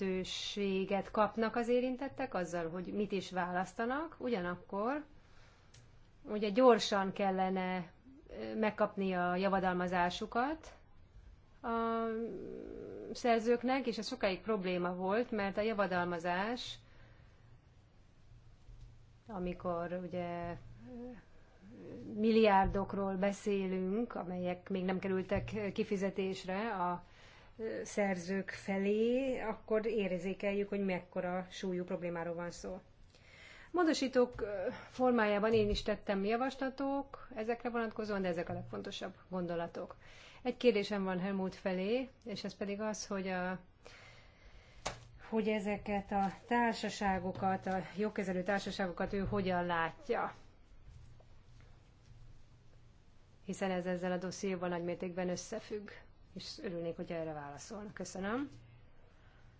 lehetőséget kapnak az érintettek azzal, hogy mit is választanak, ugyanakkor ugye gyorsan kellene megkapni a javadalmazásukat a szerzőknek, és ez sokáig probléma volt, mert a javadalmazás, amikor ugye milliárdokról beszélünk, amelyek még nem kerültek kifizetésre a szerzők felé, akkor érzékeljük, hogy mekkora súlyú problémáról van szó. Módosítók formájában én is tettem javaslatok ezekre vonatkozóan, de ezek a legfontosabb gondolatok. Egy kérdésem van Helmut felé, és ez pedig az, hogy a hogy ezeket a társaságokat, a jogkezelő társaságokat ő hogyan látja. Hiszen ez ezzel a dossziéval nagymértékben összefügg és örülnék, hogy erre válaszolnak. Köszönöm.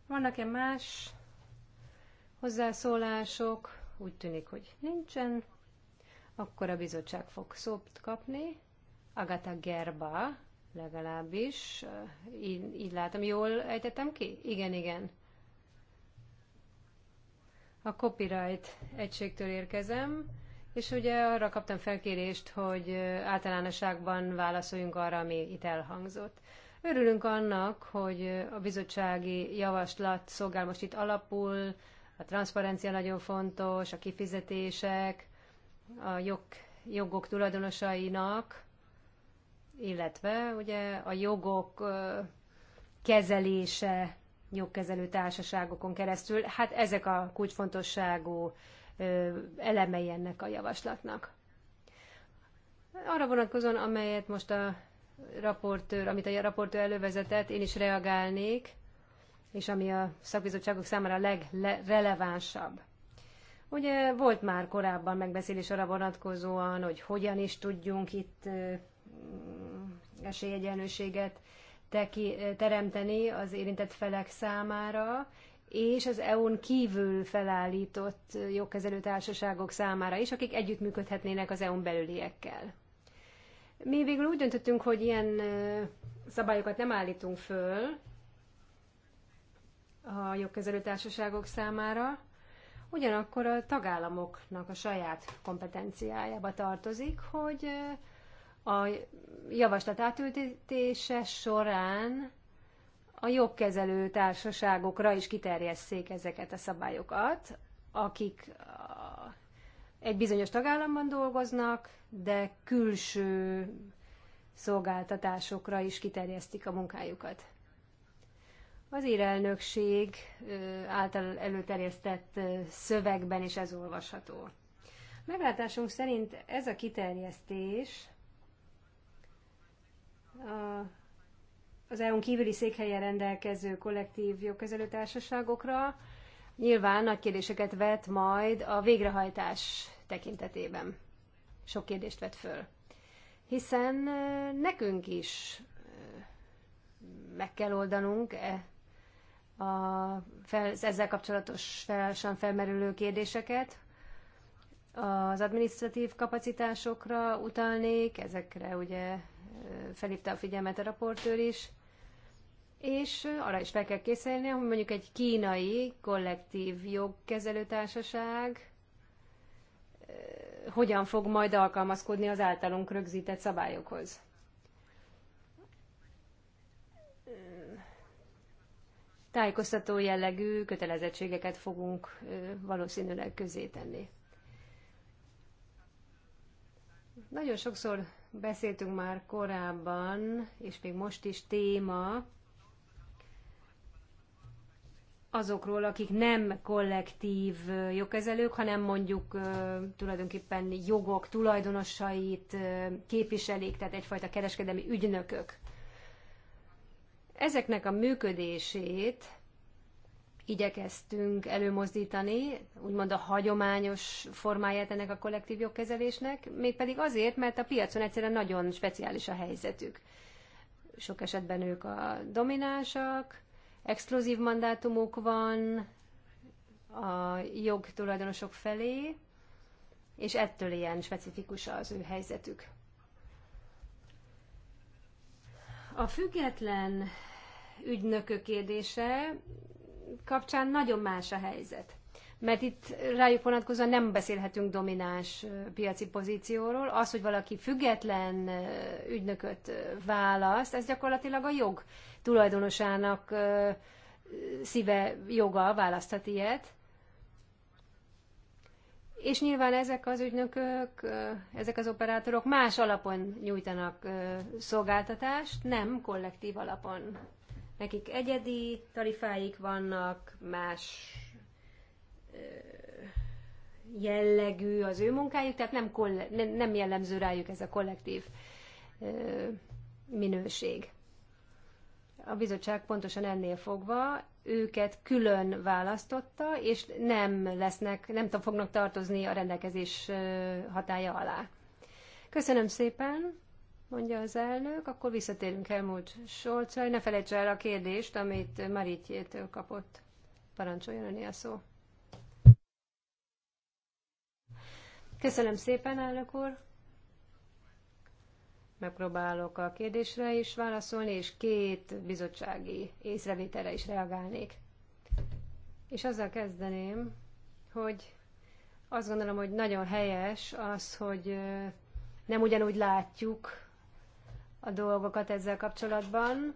Vannak-e más hozzászólások? Úgy tűnik, hogy nincsen. Akkor a bizottság fog szót kapni. Agata Gerba legalábbis. Így, így látom, jól ejtettem ki? Igen, igen. A copyright egységtől érkezem, és ugye arra kaptam felkérést, hogy általánosságban válaszoljunk arra, ami itt elhangzott. Örülünk annak, hogy a bizottsági javaslat szolgál most itt alapul, a transzparencia nagyon fontos, a kifizetések, a jog, jogok tulajdonosainak, illetve ugye a jogok kezelése jogkezelő társaságokon keresztül. Hát ezek a kulcsfontosságú elemei ennek a javaslatnak. Arra vonatkozóan, amelyet most a raportőr, amit a raportőr elővezetett, én is reagálnék, és ami a szakbizottságok számára a legrelevánsabb. Ugye volt már korábban megbeszélés arra vonatkozóan, hogy hogyan is tudjunk itt esélyegyenlőséget teki, teremteni az érintett felek számára, és az EU-n kívül felállított jogkezelő társaságok számára is, akik együttműködhetnének az EU-n belüliekkel. Mi végül úgy döntöttünk, hogy ilyen szabályokat nem állítunk föl a jogkezelő társaságok számára, ugyanakkor a tagállamoknak a saját kompetenciájába tartozik, hogy a javaslat átültetése során a jogkezelő társaságokra is kiterjesszék ezeket a szabályokat, akik egy bizonyos tagállamban dolgoznak, de külső szolgáltatásokra is kiterjesztik a munkájukat. Az írelnökség által előterjesztett szövegben is ez olvasható. Meglátásunk szerint ez a kiterjesztés a, az EU-n kívüli székhelyen rendelkező kollektív jogkezelő társaságokra nyilván nagy kérdéseket vet majd a végrehajtás tekintetében. Sok kérdést vet föl. Hiszen nekünk is meg kell oldanunk -e a fel, ezzel kapcsolatos felsen felmerülő kérdéseket. Az administratív kapacitásokra utalnék, ezekre ugye felhívta a figyelmet a raportőr is és arra is fel kell készülni, hogy mondjuk egy kínai kollektív jogkezelőtársaság hogyan fog majd alkalmazkodni az általunk rögzített szabályokhoz. Tájékoztató jellegű kötelezettségeket fogunk valószínűleg közé tenni. Nagyon sokszor beszéltünk már korábban, és még most is téma, azokról, akik nem kollektív jogkezelők, hanem mondjuk tulajdonképpen jogok tulajdonosait képviselik, tehát egyfajta kereskedelmi ügynökök. Ezeknek a működését igyekeztünk előmozdítani, úgymond a hagyományos formáját ennek a kollektív jogkezelésnek, mégpedig azért, mert a piacon egyszerűen nagyon speciális a helyzetük. Sok esetben ők a dominánsak, exkluzív mandátumuk van a jogtulajdonosok felé, és ettől ilyen specifikus az ő helyzetük. A független ügynökök kérdése kapcsán nagyon más a helyzet mert itt rájuk vonatkozóan nem beszélhetünk domináns piaci pozícióról. Az, hogy valaki független ügynököt választ, ez gyakorlatilag a jog tulajdonosának szíve joga választhat ilyet. És nyilván ezek az ügynökök, ezek az operátorok más alapon nyújtanak szolgáltatást, nem kollektív alapon. Nekik egyedi tarifáik vannak, más jellegű az ő munkájuk, tehát nem, nem jellemző rájuk ez a kollektív minőség. A bizottság pontosan ennél fogva őket külön választotta, és nem lesznek, nem fognak tartozni a rendelkezés hatája alá. Köszönöm szépen, mondja az elnök, akkor visszatérünk Helmut Scholzra. Ne felejtsd el a kérdést, amit Maritjétől kapott. Parancsoljon a szó. Köszönöm szépen, elnök úr. Megpróbálok a kérdésre is válaszolni, és két bizottsági észrevételre is reagálnék. És azzal kezdeném, hogy azt gondolom, hogy nagyon helyes az, hogy nem ugyanúgy látjuk a dolgokat ezzel kapcsolatban,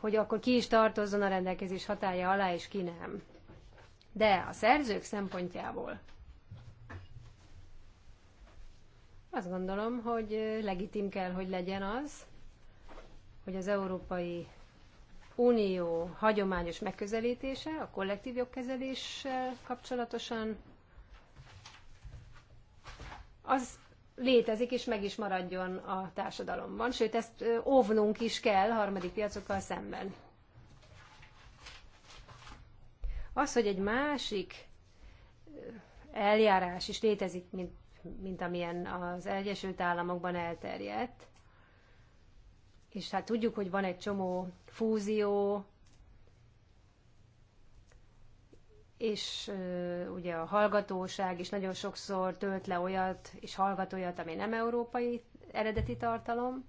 hogy akkor ki is tartozzon a rendelkezés hatája alá, és ki nem. De a szerzők szempontjából Azt gondolom, hogy legitim kell, hogy legyen az, hogy az Európai Unió hagyományos megközelítése a kollektív jogkezeléssel kapcsolatosan az létezik és meg is maradjon a társadalomban, sőt ezt óvnunk is kell harmadik piacokkal szemben. Az, hogy egy másik eljárás is létezik, mint mint amilyen az Egyesült Államokban elterjedt. És hát tudjuk, hogy van egy csomó fúzió, és ugye a hallgatóság is nagyon sokszor tölt le olyat, és hallgat olyat, ami nem európai eredeti tartalom,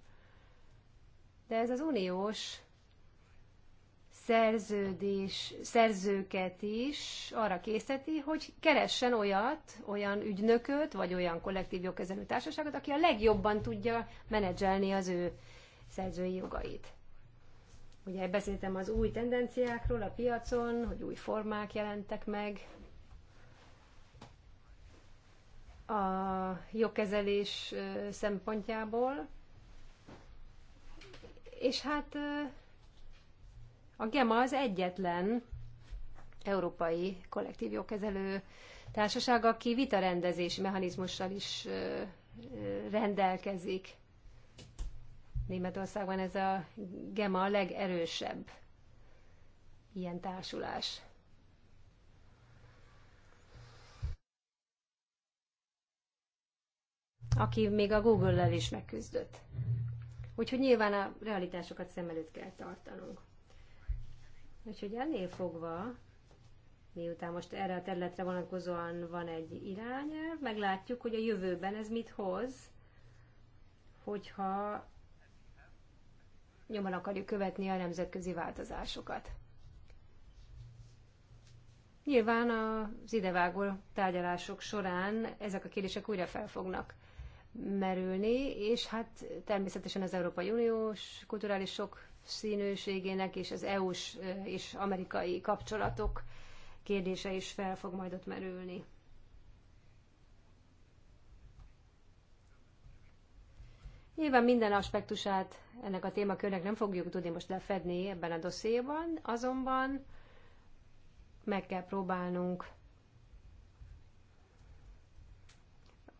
de ez az uniós szerződés, szerzőket is arra készíteti, hogy keressen olyat, olyan ügynököt, vagy olyan kollektív jogkezelő társaságot, aki a legjobban tudja menedzselni az ő szerzői jogait. Ugye beszéltem az új tendenciákról a piacon, hogy új formák jelentek meg. A jogkezelés szempontjából. És hát a GEMA az egyetlen európai kollektív jogkezelő társaság, aki vitarendezési mechanizmussal is rendelkezik. Németországban ez a GEMA a legerősebb ilyen társulás. Aki még a Google-lel is megküzdött. Úgyhogy nyilván a realitásokat szem előtt kell tartanunk. Úgyhogy ennél fogva, miután most erre a területre vonatkozóan van egy irányelv, meglátjuk, hogy a jövőben ez mit hoz, hogyha nyomon akarjuk követni a nemzetközi változásokat. Nyilván az idevágó tárgyalások során ezek a kérdések újra fel fognak merülni, és hát természetesen az Európai Uniós kulturális sok sokszínűségének és az EU-s és amerikai kapcsolatok kérdése is fel fog majd ott merülni. Nyilván minden aspektusát ennek a témakörnek nem fogjuk tudni most lefedni ebben a dosszéban, azonban meg kell próbálnunk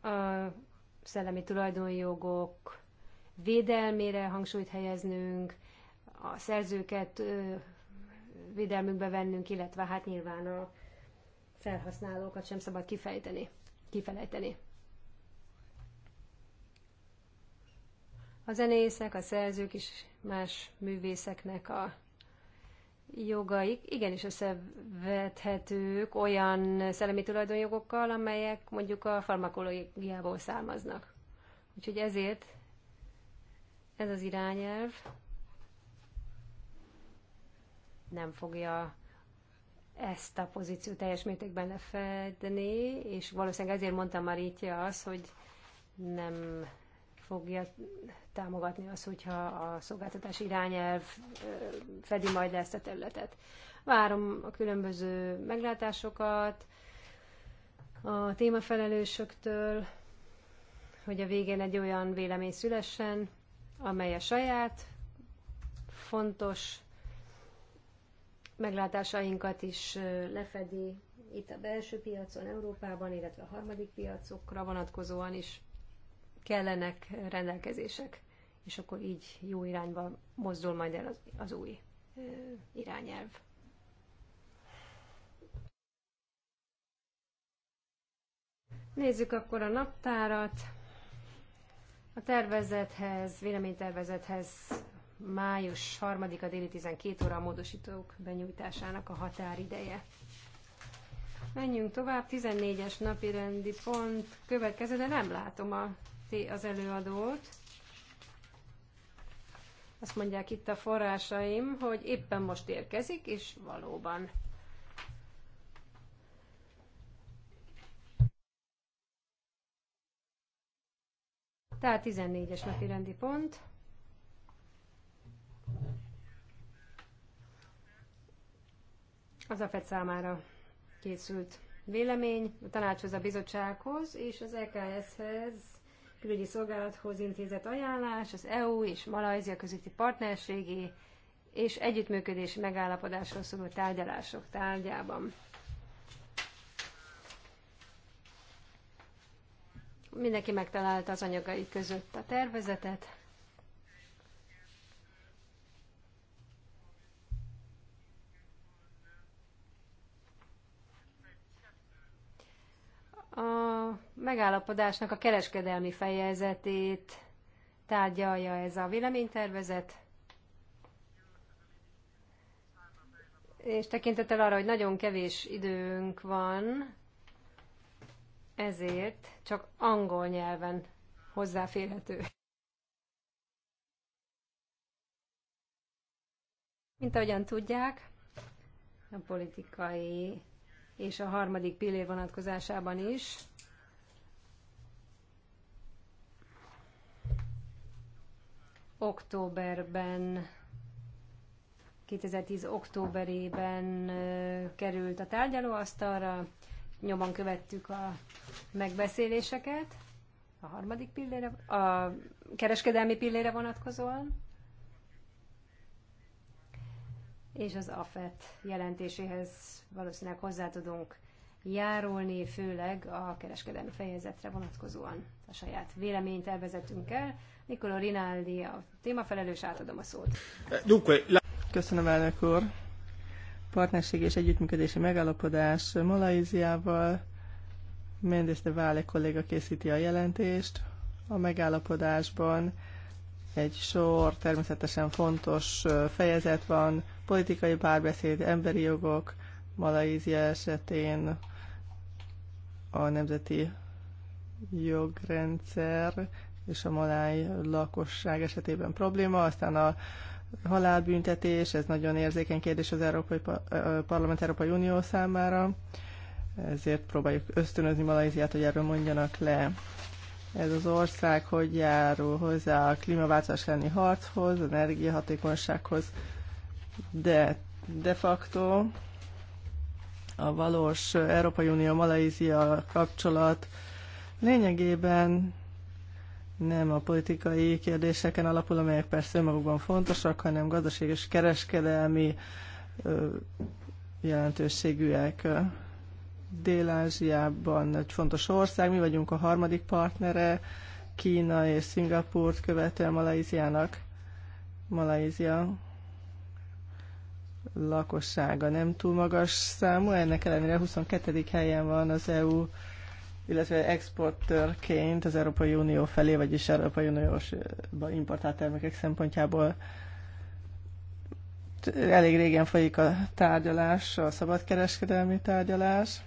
a szellemi tulajdonjogok védelmére hangsúlyt helyeznünk, a szerzőket védelmükbe vennünk, illetve hát nyilván a felhasználókat sem szabad kifejteni, kifelejteni. A zenészek, a szerzők is más művészeknek a jogaik igenis összevethetők olyan szellemi tulajdonjogokkal, amelyek mondjuk a farmakológiából származnak. Úgyhogy ezért ez az irányelv nem fogja ezt a pozíciót teljes mértékben lefedni, és valószínűleg ezért mondta Marítja az, hogy nem fogja támogatni azt, hogyha a szolgáltatás irányelv fedi majd ezt a területet. Várom a különböző meglátásokat a témafelelősöktől, hogy a végén egy olyan vélemény szülessen, amely a saját fontos meglátásainkat is lefedi itt a belső piacon, Európában, illetve a harmadik piacokra vonatkozóan is kellenek rendelkezések, és akkor így jó irányba mozdul majd el az, az új irányelv. Nézzük akkor a naptárat. A tervezethez, véleménytervezethez május 3-a déli 12 óra a módosítók benyújtásának a határideje. Menjünk tovább, 14-es napi rendi pont következő, de nem látom a, az előadót. Azt mondják itt a forrásaim, hogy éppen most érkezik, és valóban. Tehát 14-es napi rendi pont. az AFET számára készült vélemény a tanácshoz, a bizottsághoz és az EKS-hez, külügyi szolgálathoz intézett ajánlás, az EU és Malajzia közötti partnerségi és együttműködési megállapodásról szóló tárgyalások tárgyában. Mindenki megtalálta az anyagai között a tervezetet. a megállapodásnak a kereskedelmi fejezetét tárgyalja ez a véleménytervezet. És tekintettel arra, hogy nagyon kevés időnk van, ezért csak angol nyelven hozzáférhető. Mint ahogyan tudják, a politikai és a harmadik pillér vonatkozásában is. Októberben 2010. októberében került a tárgyalóasztalra, nyomon követtük a megbeszéléseket a harmadik pillére, a kereskedelmi pillére vonatkozóan. és az AFET jelentéséhez valószínűleg hozzá tudunk járulni, főleg a kereskedelmi fejezetre vonatkozóan a saját véleményt elvezetünk el. Nicolò Rinaldi, a témafelelős, átadom a szót. Köszönöm, elnök úr. Partnerség és együttműködési megállapodás Malajziával. Mendes de Vále kolléga készíti a jelentést. A megállapodásban egy sor természetesen fontos fejezet van, politikai párbeszéd, emberi jogok, Malajzia esetén a nemzeti jogrendszer és a maláj lakosság esetében probléma, aztán a halálbüntetés, ez nagyon érzékeny kérdés az Európai Parlament Európai Unió számára, ezért próbáljuk ösztönözni Malajziát, hogy erről mondjanak le ez az ország hogy járul hozzá a klímaváltozás elleni harchoz, energiahatékonysághoz, de de facto a valós Európai Unió-Malajzia kapcsolat lényegében nem a politikai kérdéseken alapul, amelyek persze önmagukban fontosak, hanem gazdaság és kereskedelmi jelentőségűek. Dél-Ázsiában egy fontos ország, mi vagyunk a harmadik partnere, Kína és Szingapurt követően Malajziának. Malajzia lakossága nem túl magas számú, ennek ellenére 22. helyen van az EU, illetve exportőrként az Európai Unió felé, vagyis Európai Uniós importált termékek szempontjából elég régen folyik a tárgyalás, a szabadkereskedelmi tárgyalás.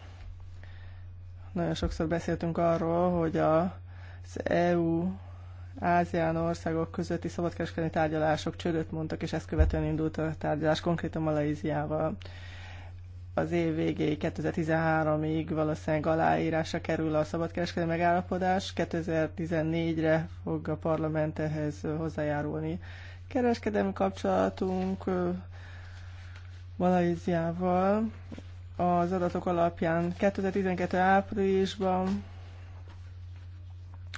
Nagyon sokszor beszéltünk arról, hogy az EU Ázián országok közötti szabadkereskedelmi tárgyalások csődöt mondtak, és ezt követően indult a tárgyalás konkrétan Malajziával. Az év végéig, 2013-ig valószínűleg aláírásra kerül a szabadkereskedelmi megállapodás, 2014-re fog a parlament ehhez hozzájárulni. Kereskedelmi kapcsolatunk Malajziával az adatok alapján. 2012. áprilisban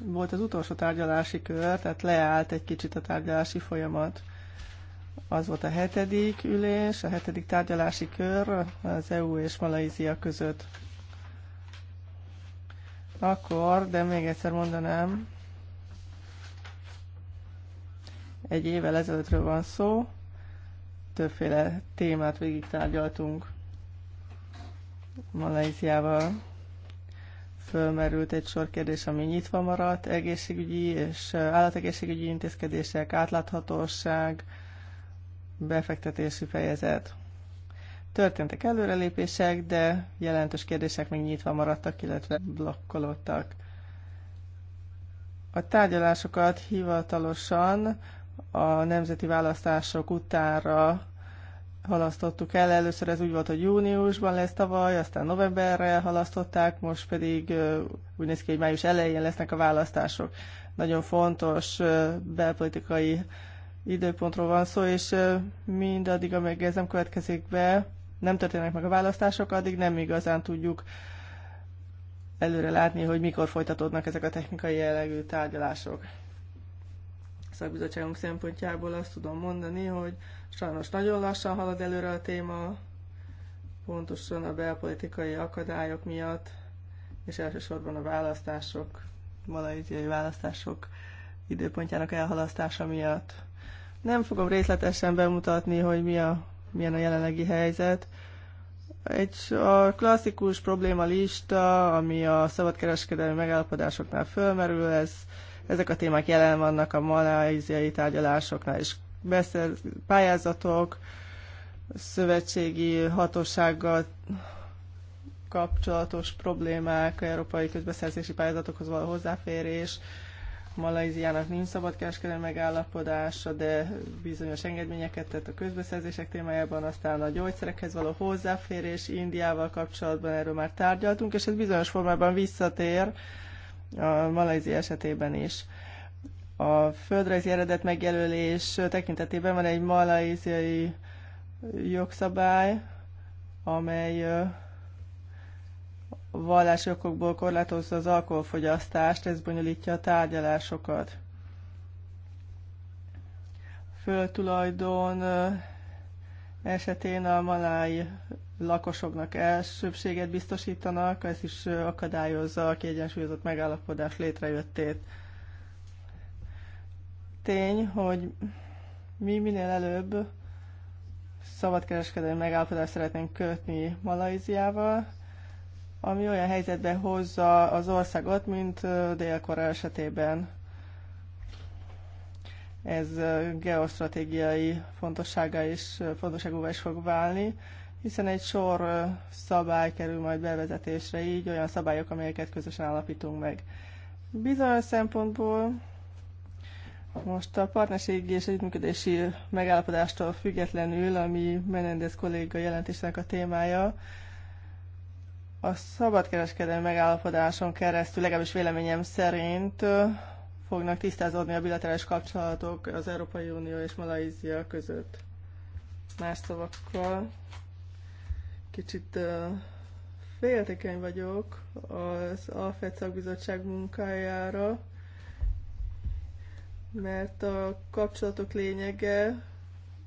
volt az utolsó tárgyalási kör, tehát leállt egy kicsit a tárgyalási folyamat. Az volt a hetedik ülés, a hetedik tárgyalási kör az EU és Malajzia között. Akkor, de még egyszer mondanám, egy évvel ezelőttről van szó, többféle témát végig tárgyaltunk. Malajziával fölmerült egy sor kérdés, ami nyitva maradt, egészségügyi és állategészségügyi intézkedések, átláthatóság, befektetési fejezet. Történtek előrelépések, de jelentős kérdések még nyitva maradtak, illetve blokkolódtak. A tárgyalásokat hivatalosan a nemzeti választások utánra halasztottuk el. Először ez úgy volt, hogy júniusban lesz tavaly, aztán novemberre halasztották, most pedig úgy néz ki, hogy május elején lesznek a választások. Nagyon fontos belpolitikai időpontról van szó, és mindaddig, amíg ez nem következik be, nem történnek meg a választások, addig nem igazán tudjuk előre látni, hogy mikor folytatódnak ezek a technikai jellegű tárgyalások szakbizottságunk szempontjából azt tudom mondani, hogy sajnos nagyon lassan halad előre a téma, pontosan a belpolitikai akadályok miatt, és elsősorban a választások, malajziai választások időpontjának elhalasztása miatt. Nem fogom részletesen bemutatni, hogy mi a, milyen a jelenlegi helyzet. Egy a klasszikus probléma lista, ami a szabadkereskedelmi megállapodásoknál fölmerül, ez ezek a témák jelen vannak a maláziai tárgyalásoknál is. Beszél, pályázatok, szövetségi hatósággal kapcsolatos problémák, európai közbeszerzési pályázatokhoz való hozzáférés, Malajziának nincs szabadkereskedelmi megállapodása, de bizonyos engedményeket tett a közbeszerzések témájában, aztán a gyógyszerekhez való hozzáférés Indiával kapcsolatban erről már tárgyaltunk, és ez bizonyos formában visszatér a Malajzi esetében is. A földrajzi eredet megjelölés tekintetében van egy malajziai jogszabály, amely vallási okokból korlátozza az alkoholfogyasztást, ez bonyolítja a tárgyalásokat. Föltulajdon esetén a maláj lakosoknak elsőbséget biztosítanak, ez is akadályozza a kiegyensúlyozott megállapodás létrejöttét. Tény, hogy mi minél előbb szabadkereskedelmi megállapodást szeretnénk kötni Malajziával, ami olyan helyzetbe hozza az országot, mint Dél-Korea esetében. Ez geostratégiai fontossága is, fontosságúvá is fog válni hiszen egy sor szabály kerül majd bevezetésre, így olyan szabályok, amelyeket közösen állapítunk meg. Bizonyos szempontból most a partnerségi és együttműködési megállapodástól függetlenül, ami Menendez kolléga jelentésének a témája, a szabadkereskedelmi megállapodáson keresztül, legalábbis véleményem szerint, fognak tisztázódni a bilaterális kapcsolatok az Európai Unió és Malajzia között. Más szavakkal Kicsit féltékeny vagyok az Alfred szakbizottság munkájára, mert a kapcsolatok lényege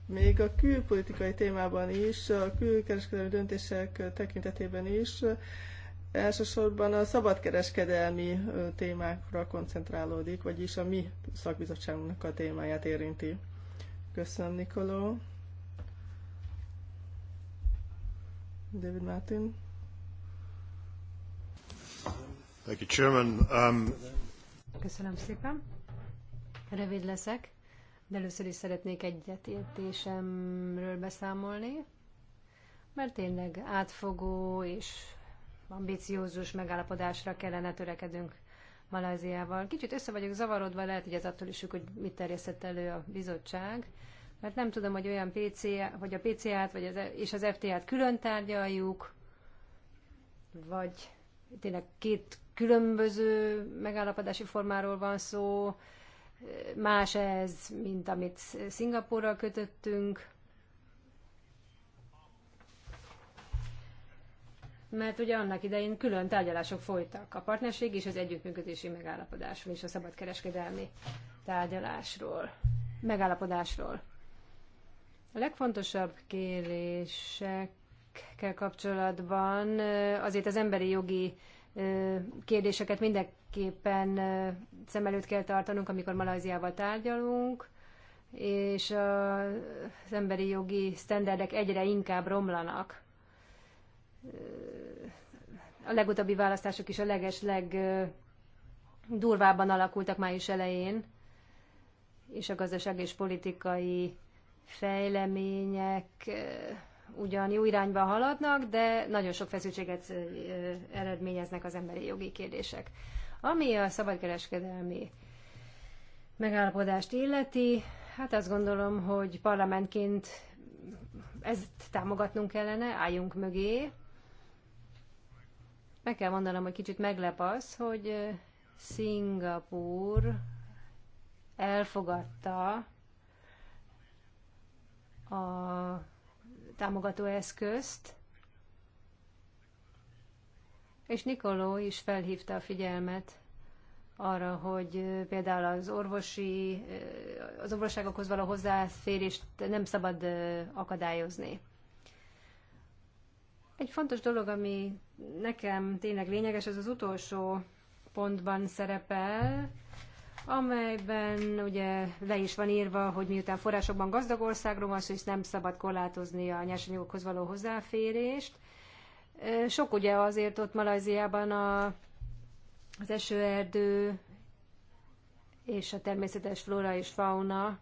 még a külpolitikai témában is, a külkereskedelmi döntések tekintetében is elsősorban a szabadkereskedelmi témákra koncentrálódik, vagyis a mi szakbizottságunknak a témáját érinti. Köszönöm, Nikoló. David Martin. Thank you, Chairman. Um... Köszönöm szépen. Rövid leszek, de először is szeretnék egyetértésemről beszámolni, mert tényleg átfogó és ambiciózus megállapodásra kellene törekedünk Maláziával. Kicsit össze vagyok zavarodva, lehet, hogy ez attól is, hogy mit terjesztett elő a bizottság, mert nem tudom, hogy olyan PC, vagy a pc t vagy az, és az FTA-t külön tárgyaljuk, vagy tényleg két különböző megállapodási formáról van szó, más ez, mint amit Szingapurral kötöttünk. Mert ugye annak idején külön tárgyalások folytak a partnerség és az együttműködési megállapodásról és a szabadkereskedelmi tárgyalásról, megállapodásról. A legfontosabb kérésekkel kapcsolatban azért az emberi jogi kérdéseket mindenképpen szem előtt kell tartanunk, amikor Malajziával tárgyalunk, és az emberi jogi sztenderdek egyre inkább romlanak. A legutóbbi választások is a legesleg durvábban alakultak május elején, és a gazdaság és politikai fejlemények eh, ugyan jó irányba haladnak, de nagyon sok feszültséget eh, eredményeznek az emberi jogi kérdések. Ami a szabadkereskedelmi megállapodást illeti, hát azt gondolom, hogy parlamentként ezt támogatnunk kellene, álljunk mögé. Meg kell mondanom, hogy kicsit meglep az, hogy eh, Szingapúr elfogadta a támogató eszközt, és Nikoló is felhívta a figyelmet arra, hogy például az orvosi, az orvosságokhoz való hozzáférést nem szabad akadályozni. Egy fontos dolog, ami nekem tényleg lényeges, az az utolsó pontban szerepel, amelyben ugye le is van írva, hogy miután forrásokban gazdag országról van szó, és nem szabad korlátozni a nyersanyagokhoz való hozzáférést. Sok ugye azért ott Malajziában a, az esőerdő és a természetes flora és fauna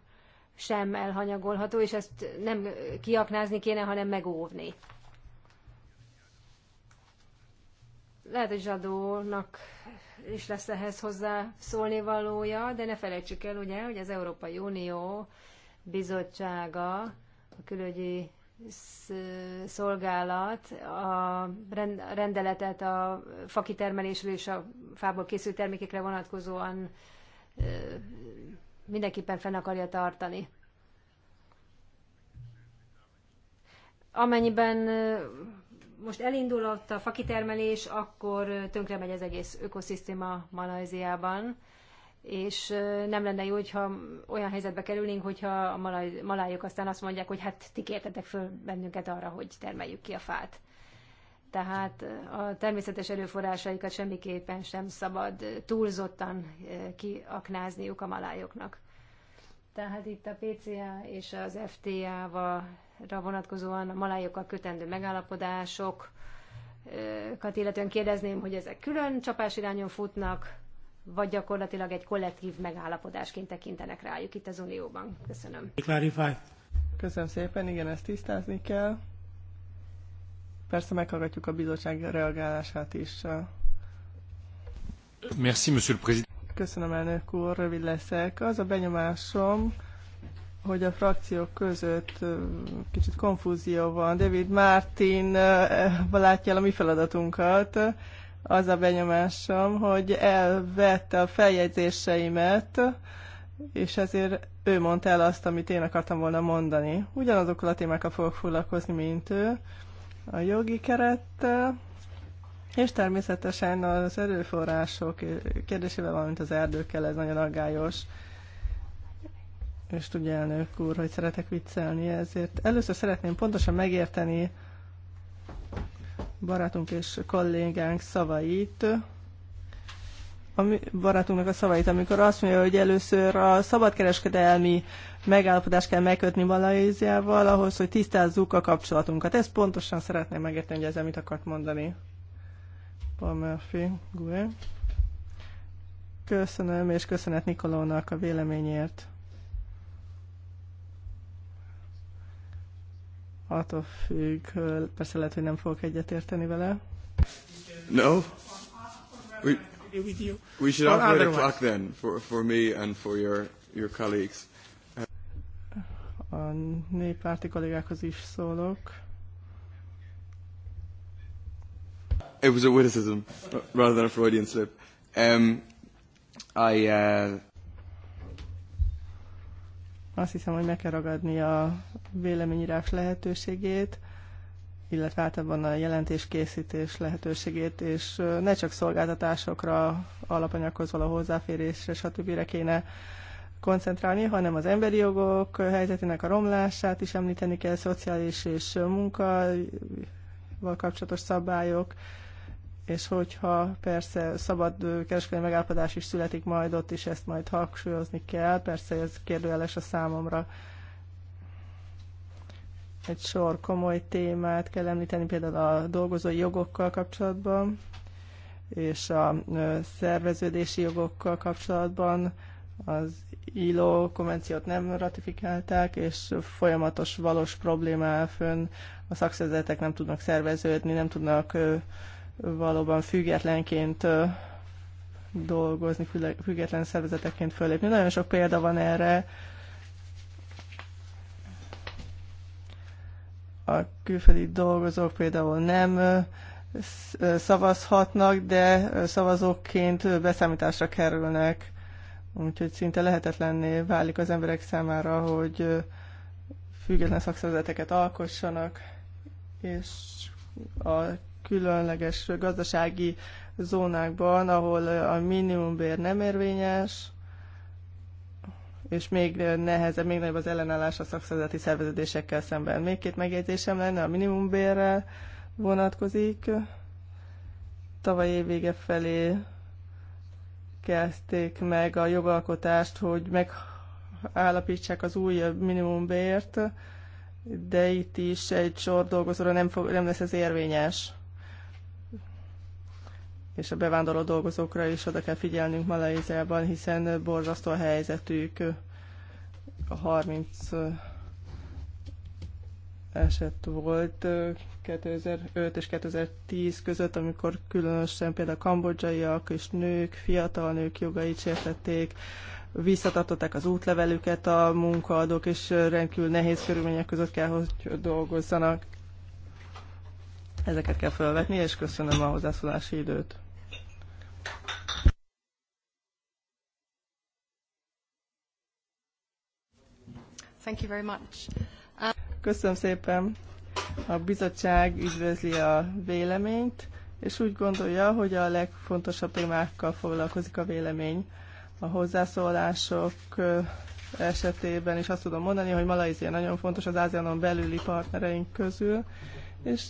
sem elhanyagolható, és ezt nem kiaknázni kéne, hanem megóvni. Lehet, hogy zsadónak is lesz ehhez hozzá szólni valója, de ne felejtsük el ugye, hogy az Európai Unió bizottsága, a külügyi szolgálat a rendeletet a fakitermelésről és a fából készült termékekre vonatkozóan mindenképpen fenn akarja tartani. Amennyiben most elindul ott a fakitermelés, akkor tönkre megy az egész ökoszisztéma Malajziában, és nem lenne jó, hogyha olyan helyzetbe kerülnénk, hogyha a malaj, malájok aztán azt mondják, hogy hát ti kértetek föl bennünket arra, hogy termeljük ki a fát. Tehát a természetes erőforrásaikat semmiképpen sem szabad túlzottan kiaknázniuk a malájoknak. Tehát itt a PCA és az FTA-ra vonatkozóan a malájokkal kötendő megállapodásokat illetően kérdezném, hogy ezek külön csapás irányon futnak, vagy gyakorlatilag egy kollektív megállapodásként tekintenek rájuk itt az Unióban. Köszönöm. Köszönöm szépen, igen, ezt tisztázni kell. Persze meghallgatjuk a bizottság reagálását is. Merci, monsieur le Köszönöm, elnök úr, rövid leszek. Az a benyomásom, hogy a frakciók között kicsit konfúzió van. David Martin látja el a mi feladatunkat. Az a benyomásom, hogy elvette a feljegyzéseimet, és ezért ő mondta el azt, amit én akartam volna mondani. Ugyanazokkal a témákkal fogok foglalkozni, mint ő. A jogi kerettel, és természetesen az erőforrások kérdésével, valamint az erdőkkel ez nagyon aggályos. És tudja elnök úr, hogy szeretek viccelni, ezért először szeretném pontosan megérteni barátunk és kollégánk szavait, a barátunknak a szavait, amikor azt mondja, hogy először a szabadkereskedelmi megállapodást kell megkötni Malajziával ahhoz, hogy tisztázzuk a kapcsolatunkat. Ezt pontosan szeretném megérteni, hogy ezzel mit akart mondani. Paul Murphy, GUE. Köszönöm, és köszönet Nikolónak a véleményért. Attól függ, persze lehet, hogy nem fogok egyetérteni vele. No. We, we should operate a clock then, for, for me and for your, your colleagues. A néppárti kollégákhoz is szólok. It was a witticism rather than a Freudian slip. Um, I, uh... Azt hiszem, hogy meg kell ragadni a véleményírás lehetőségét, illetve általában a jelentéskészítés lehetőségét, és uh, ne csak szolgáltatásokra, alapanyaghoz való hozzáférésre, stb. kéne koncentrálni, hanem az emberi jogok helyzetének a romlását is említeni kell, szociális és munkával kapcsolatos szabályok, és hogyha persze szabad kereskedelmi megállapodás is születik majd ott is, ezt majd hangsúlyozni kell, persze ez kérdőjeles a számomra. Egy sor komoly témát kell említeni, például a dolgozói jogokkal kapcsolatban, és a szerveződési jogokkal kapcsolatban az ILO konvenciót nem ratifikálták, és folyamatos valós problémá fönn a szakszervezetek nem tudnak szerveződni, nem tudnak valóban függetlenként dolgozni, független szervezeteként fölépni. Nagyon sok példa van erre. A külföldi dolgozók például nem szavazhatnak, de szavazóként beszámításra kerülnek. Úgyhogy szinte lehetetlenné válik az emberek számára, hogy független szakszervezeteket alkossanak, és a különleges gazdasági zónákban, ahol a minimumbér nem érvényes, és még nehezebb, még nagyobb az ellenállás a szakszervezeti szerveződésekkel szemben. Még két megjegyzésem lenne, a minimumbérre vonatkozik. Tavaly évvége felé kezdték meg a jogalkotást, hogy megállapítsák az új minimumbért, de itt is egy sor dolgozóra nem, fog, nem lesz ez érvényes és a bevándorló dolgozókra is oda kell figyelnünk Malajziában, hiszen borzasztó a helyzetük. A 30 eh, eset volt 2005 eh, és 2010 között, amikor különösen például kambodzsaiak és nők, fiatal nők jogait sértették, visszatartották az útlevelüket a munkaadók, és rendkívül nehéz körülmények között kell, hogy dolgozzanak. Ezeket kell felvetni, és köszönöm a hozzászólási időt. Thank you very much. Köszönöm szépen. A bizottság üdvözli a véleményt, és úgy gondolja, hogy a legfontosabb témákkal foglalkozik a vélemény. A hozzászólások esetében is azt tudom mondani, hogy Malajzia nagyon fontos az ázianon belüli partnereink közül, és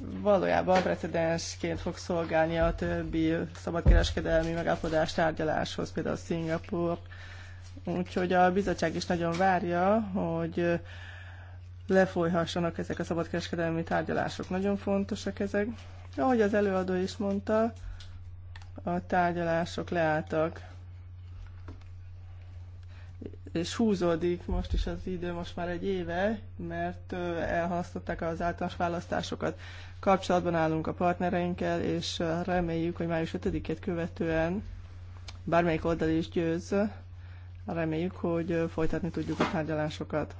valójában precedensként fog szolgálni a többi szabadkereskedelmi megállapodás tárgyaláshoz, például Szingapur. Úgyhogy a bizottság is nagyon várja, hogy lefolyhassanak ezek a szabadkereskedelmi tárgyalások. Nagyon fontosak ezek. Ahogy az előadó is mondta, a tárgyalások leálltak és húzódik most is az idő, most már egy éve, mert elhalasztották az általános választásokat. Kapcsolatban állunk a partnereinkkel, és reméljük, hogy május 5-ét követően bármelyik oldal is győz, reméljük, hogy folytatni tudjuk a tárgyalásokat.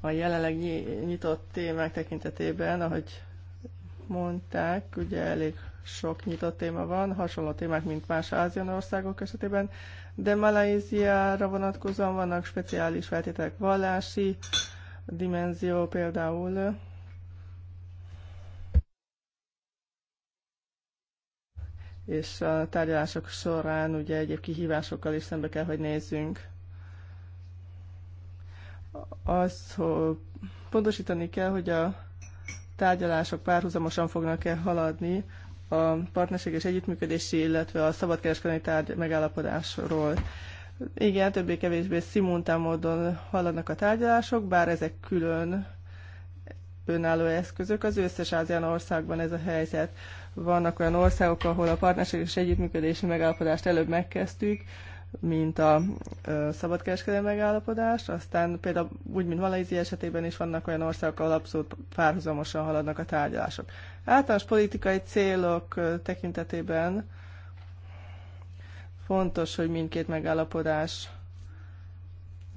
A jelenleg nyitott témák tekintetében, ahogy mondták, ugye elég sok nyitott téma van, hasonló témák, mint más ázsiai országok esetében, de Malajziára vonatkozóan vannak speciális feltételek, vallási dimenzió például. És a tárgyalások során ugye egyéb kihívásokkal is szembe kell, hogy nézzünk. Az, hogy pontosítani kell, hogy a tárgyalások párhuzamosan fognak-e haladni a partnerség és együttműködési, illetve a szabadkereskedelmi tárgy megállapodásról. Igen, többé-kevésbé szimultán módon haladnak a tárgyalások, bár ezek külön önálló eszközök. Az összes ázián országban ez a helyzet. Vannak olyan országok, ahol a partnerség és együttműködési megállapodást előbb megkezdtük, mint a szabadkereskedelmi megállapodás, aztán például úgy, mint Malajzi esetében is vannak olyan országok, ahol abszolút párhuzamosan haladnak a tárgyalások. Általános politikai célok tekintetében fontos, hogy mindkét megállapodás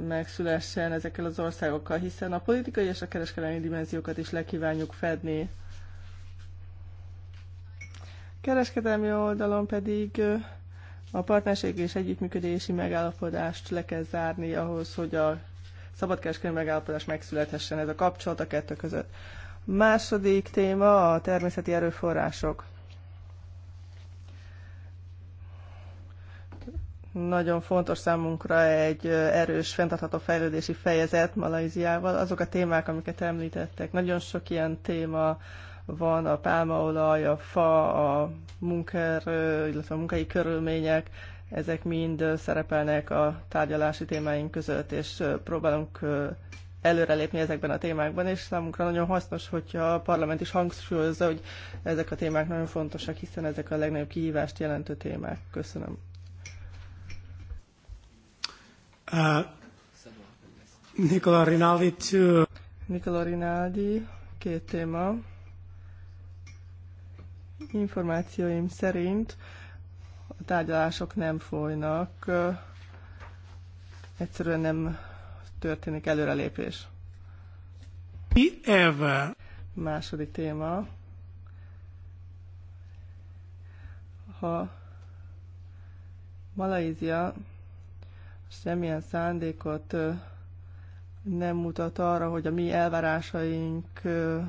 megszülessen ezekkel az országokkal, hiszen a politikai és a kereskedelmi dimenziókat is lekívánjuk fedni. Kereskedelmi oldalon pedig a partnerség és együttműködési megállapodást le kell zárni ahhoz, hogy a szabadkereskedelmi megállapodás megszülethessen, ez a kapcsolat a kettő között. Második téma a természeti erőforrások. Nagyon fontos számunkra egy erős, fenntartható fejlődési fejezet Malajziával. Azok a témák, amiket említettek, nagyon sok ilyen téma van, a pálmaolaj, a fa, a munkaerő, illetve a munkai körülmények, ezek mind szerepelnek a tárgyalási témáink között, és próbálunk előrelépni ezekben a témákban, és számunkra nagyon hasznos, hogyha a parlament is hangsúlyozza, hogy ezek a témák nagyon fontosak, hiszen ezek a legnagyobb kihívást jelentő témák. Köszönöm. Uh, Nikola Rinaldi, two. Nicola Rinaldi, két téma. Információim szerint a tárgyalások nem folynak, egyszerűen nem történik előrelépés. Mi ever? Második téma. Ha Malajzia semmilyen szándékot nem mutat arra, hogy a mi elvárásainkhoz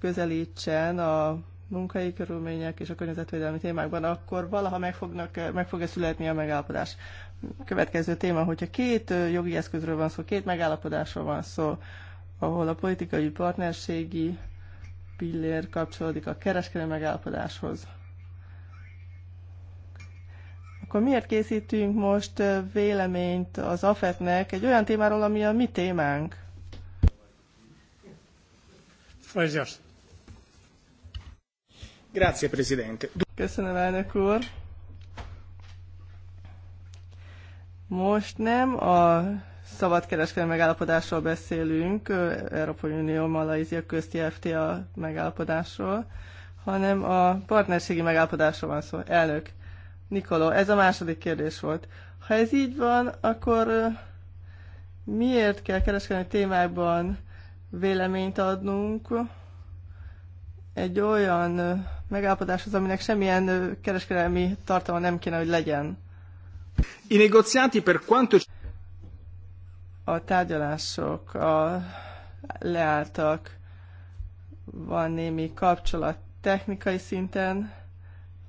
közelítsen a munkai körülmények és a környezetvédelmi témákban, akkor valaha meg, fognak, meg fog-e születni a megállapodás. Következő téma, hogyha két jogi eszközről van szó, két megállapodásról van szó, ahol a politikai partnerségi pillér kapcsolódik a kereskedelmi megállapodáshoz, akkor miért készítünk most véleményt az AFET-nek egy olyan témáról, ami a mi témánk? Fraser. Grazie, Presidente. Köszönöm, elnök úr. Most nem a szabadkereskedelmi megállapodásról beszélünk, Európai Unió Malajzia közti FTA megállapodásról, hanem a partnerségi megállapodásról van szó. Elnök, Nikoló, ez a második kérdés volt. Ha ez így van, akkor miért kell kereskedelmi témákban véleményt adnunk egy olyan megállapodáshoz, aminek semmilyen kereskedelmi tartalma nem kéne, hogy legyen. I negoziati per quanto... A tárgyalások a leálltak, van némi kapcsolat technikai szinten,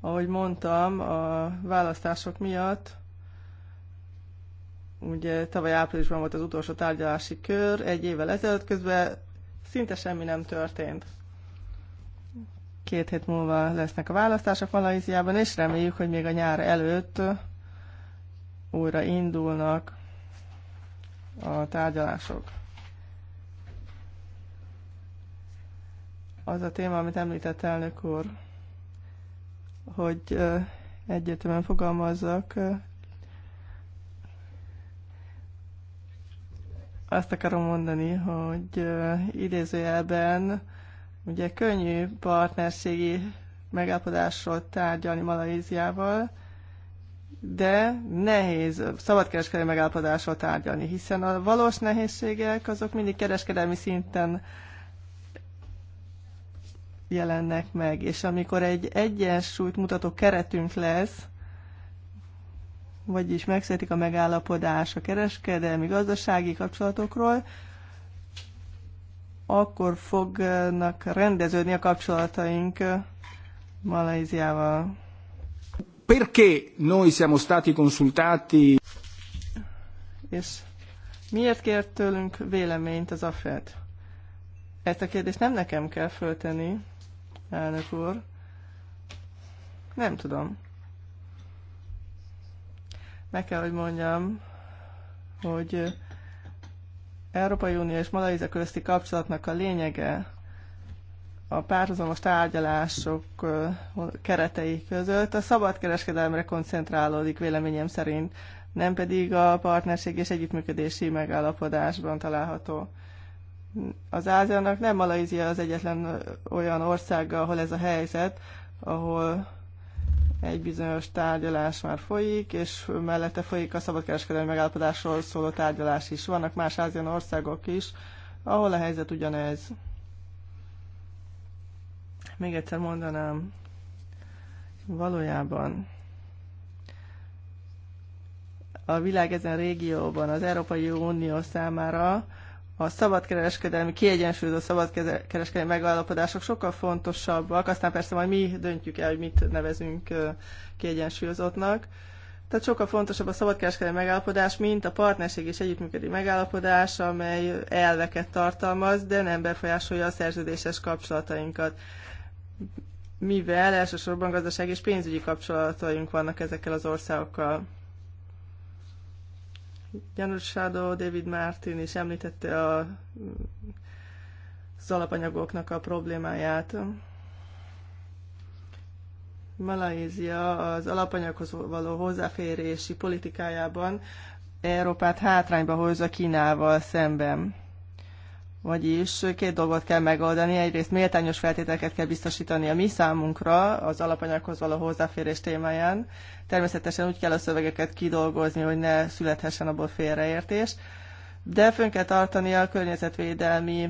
ahogy mondtam, a választások miatt ugye tavaly áprilisban volt az utolsó tárgyalási kör, egy évvel ezelőtt közben szinte semmi nem történt. Két hét múlva lesznek a választások Malajziában, és reméljük, hogy még a nyár előtt újra indulnak a tárgyalások. Az a téma, amit említett elnök úr, hogy egyértelműen fogalmazzak, azt akarom mondani, hogy idézőjelben Ugye könnyű partnerségi megállapodásról tárgyalni Malajziával, de nehéz szabadkereskedelmi megállapodásról tárgyalni, hiszen a valós nehézségek azok mindig kereskedelmi szinten jelennek meg, és amikor egy egyensúlyt mutató keretünk lesz, vagyis megszületik a megállapodás a kereskedelmi, gazdasági kapcsolatokról, akkor fognak rendeződni a kapcsolataink Malajziával. Perché noi siamo stati consultati? És miért kért tőlünk véleményt az AFET? Ezt a kérdést nem nekem kell föltenni, elnök úr. Nem tudom. Meg kell, hogy mondjam, hogy Európai Unió és Malajzia közti kapcsolatnak a lényege a párhuzamos tárgyalások keretei között a szabadkereskedelemre koncentrálódik véleményem szerint, nem pedig a partnerség és együttműködési megállapodásban található. Az Áziának nem Malajzia az egyetlen olyan országa, ahol ez a helyzet, ahol egy bizonyos tárgyalás már folyik, és mellette folyik a szabadkereskedelmi megállapodásról szóló tárgyalás is. Vannak más ázsiai országok is, ahol a helyzet ugyanez. Még egyszer mondanám, valójában a világ ezen régióban az Európai Unió számára a szabadkereskedelmi, kiegyensúlyozó szabadkereskedelmi megállapodások sokkal fontosabbak, aztán persze majd mi döntjük el, hogy mit nevezünk kiegyensúlyozottnak. Tehát sokkal fontosabb a szabadkereskedelmi megállapodás, mint a partnerség és együttműködő megállapodás, amely elveket tartalmaz, de nem befolyásolja a szerződéses kapcsolatainkat. Mivel elsősorban gazdaság és pénzügyi kapcsolataink vannak ezekkel az országokkal. Janus Sádó, David Martin is említette a, az alapanyagoknak a problémáját. Malajzia az alapanyaghoz való hozzáférési politikájában Európát hátrányba hozza Kínával szemben. Vagyis két dolgot kell megoldani. Egyrészt méltányos feltételeket kell biztosítani a mi számunkra az alapanyaghoz való hozzáférés témáján. Természetesen úgy kell a szövegeket kidolgozni, hogy ne születhessen abból félreértés. De fönn kell tartani a környezetvédelmi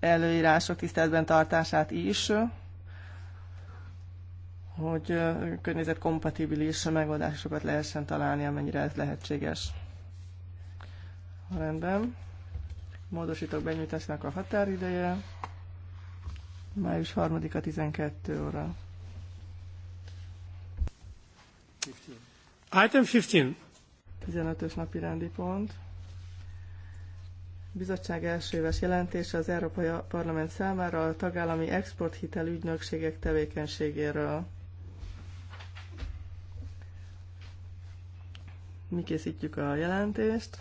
előírások tiszteletben tartását is, hogy környezetkompatibilis megoldásokat lehessen találni, amennyire ez lehetséges. Rendben módosítok benyújtásnak a határideje május 3-a 12 óra. Item 15. 15-ös napi rendi pont. Bizottság első éves jelentése az Európai Parlament számára a tagállami exporthitel ügynökségek tevékenységéről. Mi készítjük a jelentést.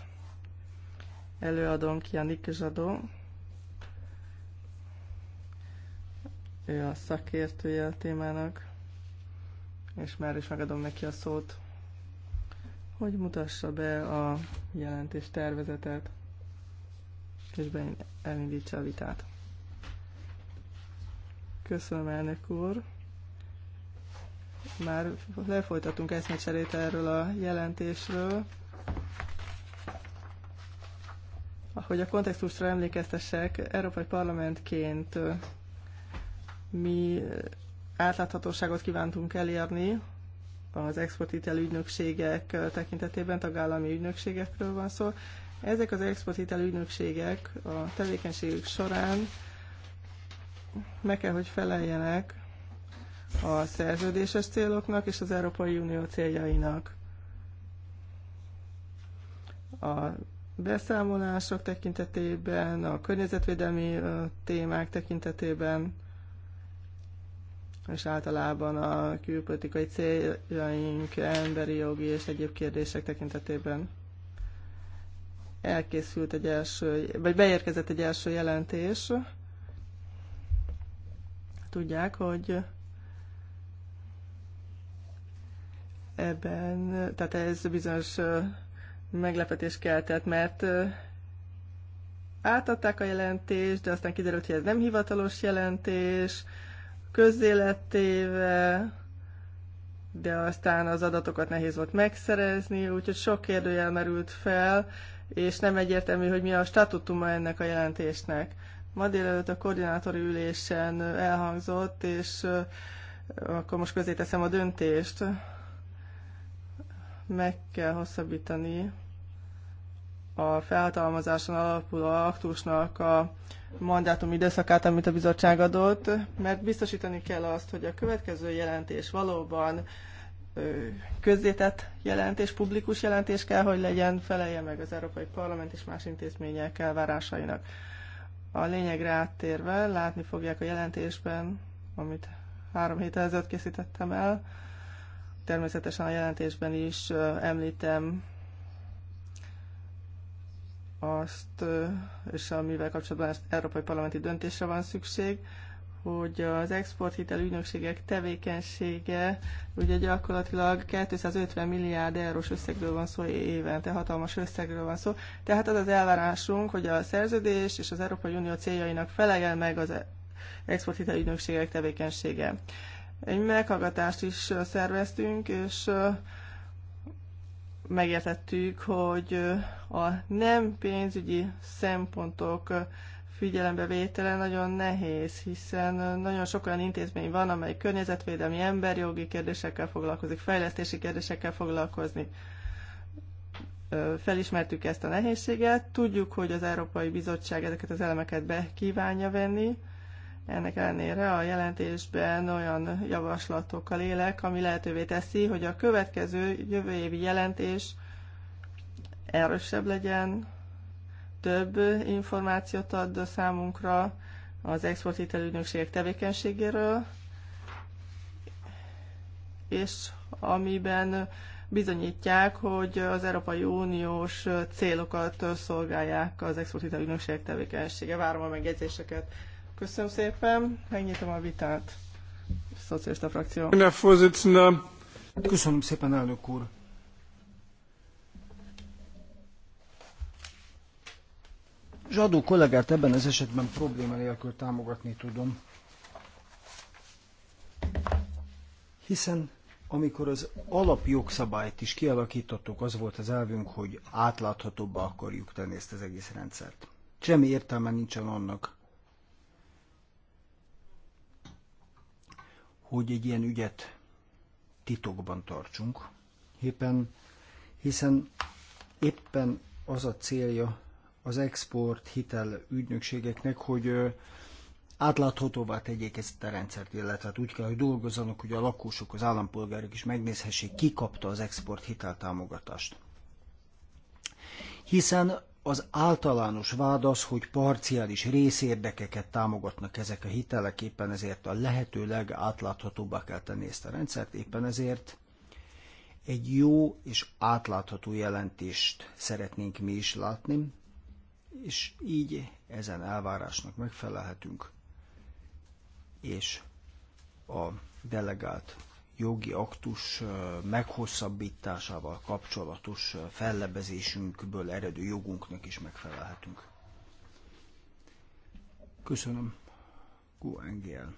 Előadónk Janik Zsadó. Ő a szakértője a témának, és már is megadom neki a szót, hogy mutassa be a jelentés tervezetet, és elindítsa a vitát. Köszönöm, elnök úr! Már lefolytatunk eszmecserét erről a jelentésről, Hogy a kontextusra emlékeztessek, Európai Parlamentként mi átláthatóságot kívántunk elérni az exportitel ügynökségek tekintetében, tagállami ügynökségekről van szó. Ezek az exportitel ügynökségek a tevékenységük során meg kell, hogy feleljenek a szerződéses céloknak és az Európai Unió céljainak. A beszámolások tekintetében, a környezetvédelmi témák tekintetében, és általában a külpolitikai céljaink, emberi jogi és egyéb kérdések tekintetében elkészült egy első, vagy beérkezett egy első jelentés. Tudják, hogy ebben, tehát ez bizonyos meglepetés keltett, mert átadták a jelentést, de aztán kiderült, hogy ez nem hivatalos jelentés, közzélettéve, de aztán az adatokat nehéz volt megszerezni, úgyhogy sok kérdőjel merült fel, és nem egyértelmű, hogy mi a statutuma ennek a jelentésnek. Ma délelőtt a koordinátori ülésen elhangzott, és akkor most közé teszem a döntést. Meg kell hosszabbítani a felhatalmazáson alapuló aktusnak a mandátum időszakát, amit a bizottság adott, mert biztosítani kell azt, hogy a következő jelentés valóban közzétett jelentés, publikus jelentés kell, hogy legyen, felelje meg az Európai Parlament és más intézmények elvárásainak. A lényegre áttérve látni fogják a jelentésben, amit három héttel ezelőtt készítettem el, természetesen a jelentésben is említem azt, és amivel kapcsolatban az Európai Parlamenti döntésre van szükség, hogy az exporthitel ügynökségek tevékenysége ugye gyakorlatilag 250 milliárd eurós összegről van szó évente, hatalmas összegről van szó. Tehát az az elvárásunk, hogy a szerződés és az Európai Unió céljainak feleljen meg az exporthitel ügynökségek tevékenysége. Egy meghallgatást is szerveztünk, és megértettük, hogy a nem pénzügyi szempontok figyelembevétele nagyon nehéz, hiszen nagyon sok olyan intézmény van, amely környezetvédelmi, emberjogi kérdésekkel foglalkozik, fejlesztési kérdésekkel foglalkozni. Felismertük ezt a nehézséget, tudjuk, hogy az Európai Bizottság ezeket az elemeket be kívánja venni, ennek ellenére a jelentésben olyan javaslatokkal élek, ami lehetővé teszi, hogy a következő jövő évi jelentés erősebb legyen, több információt ad számunkra az exportítelügynökségek tevékenységéről, és amiben bizonyítják, hogy az Európai Uniós célokat szolgálják az exportítelügynökségek tevékenysége. Várom a megjegyzéseket. Köszönöm szépen, megnyitom a vitát. Szocialista frakció. Köszönöm szépen, elnök úr. Zsadó kollégát ebben az esetben probléma nélkül támogatni tudom. Hiszen amikor az alapjogszabályt is kialakítottuk, az volt az elvünk, hogy átláthatóbbá akarjuk tenni ezt az egész rendszert. Semmi értelme nincsen annak, hogy egy ilyen ügyet titokban tartsunk, éppen, hiszen éppen az a célja az export hitel ügynökségeknek, hogy átláthatóvá tegyék ezt a rendszert, illetve hát úgy kell, hogy dolgozzanak, hogy a lakosok, az állampolgárok is megnézhessék, ki kapta az export hitel támogatást. Hiszen az általános vád az, hogy parciális részérdekeket támogatnak ezek a hitelek, éppen ezért a lehető legátláthatóbbá kell tenni ezt a rendszert, éppen ezért egy jó és átlátható jelentést szeretnénk mi is látni, és így ezen elvárásnak megfelelhetünk, és a delegált jogi aktus meghosszabbításával kapcsolatos fellebezésünkből eredő jogunknak is megfelelhetünk. Köszönöm, QNGL.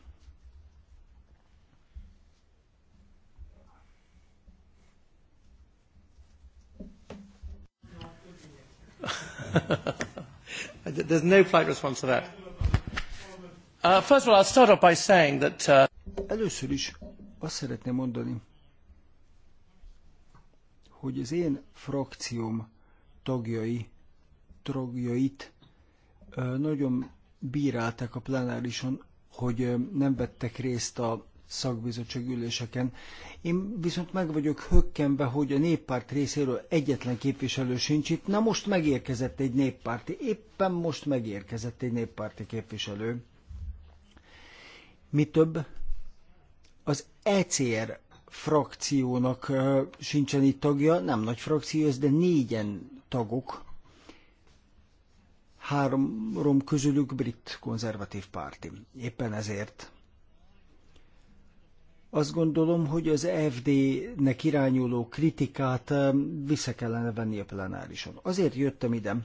There's no polite response to that. Uh, first of all, I'll start off by saying that. Uh... Először is azt szeretném mondani, hogy az én frakcióm tagjai, tagjait nagyon bírálták a plenárison, hogy nem vettek részt a szakbizottság üléseken. Én viszont meg vagyok hökkenve, hogy a néppárt részéről egyetlen képviselő sincs itt. Na most megérkezett egy néppárti, éppen most megérkezett egy néppárti képviselő. Mi több, az ECR frakciónak sincsen itt tagja, nem nagy frakció ez, de négyen tagok, három közülük brit konzervatív párti. Éppen ezért azt gondolom, hogy az FD-nek irányuló kritikát vissza kellene venni a plenárison. Azért jöttem ide,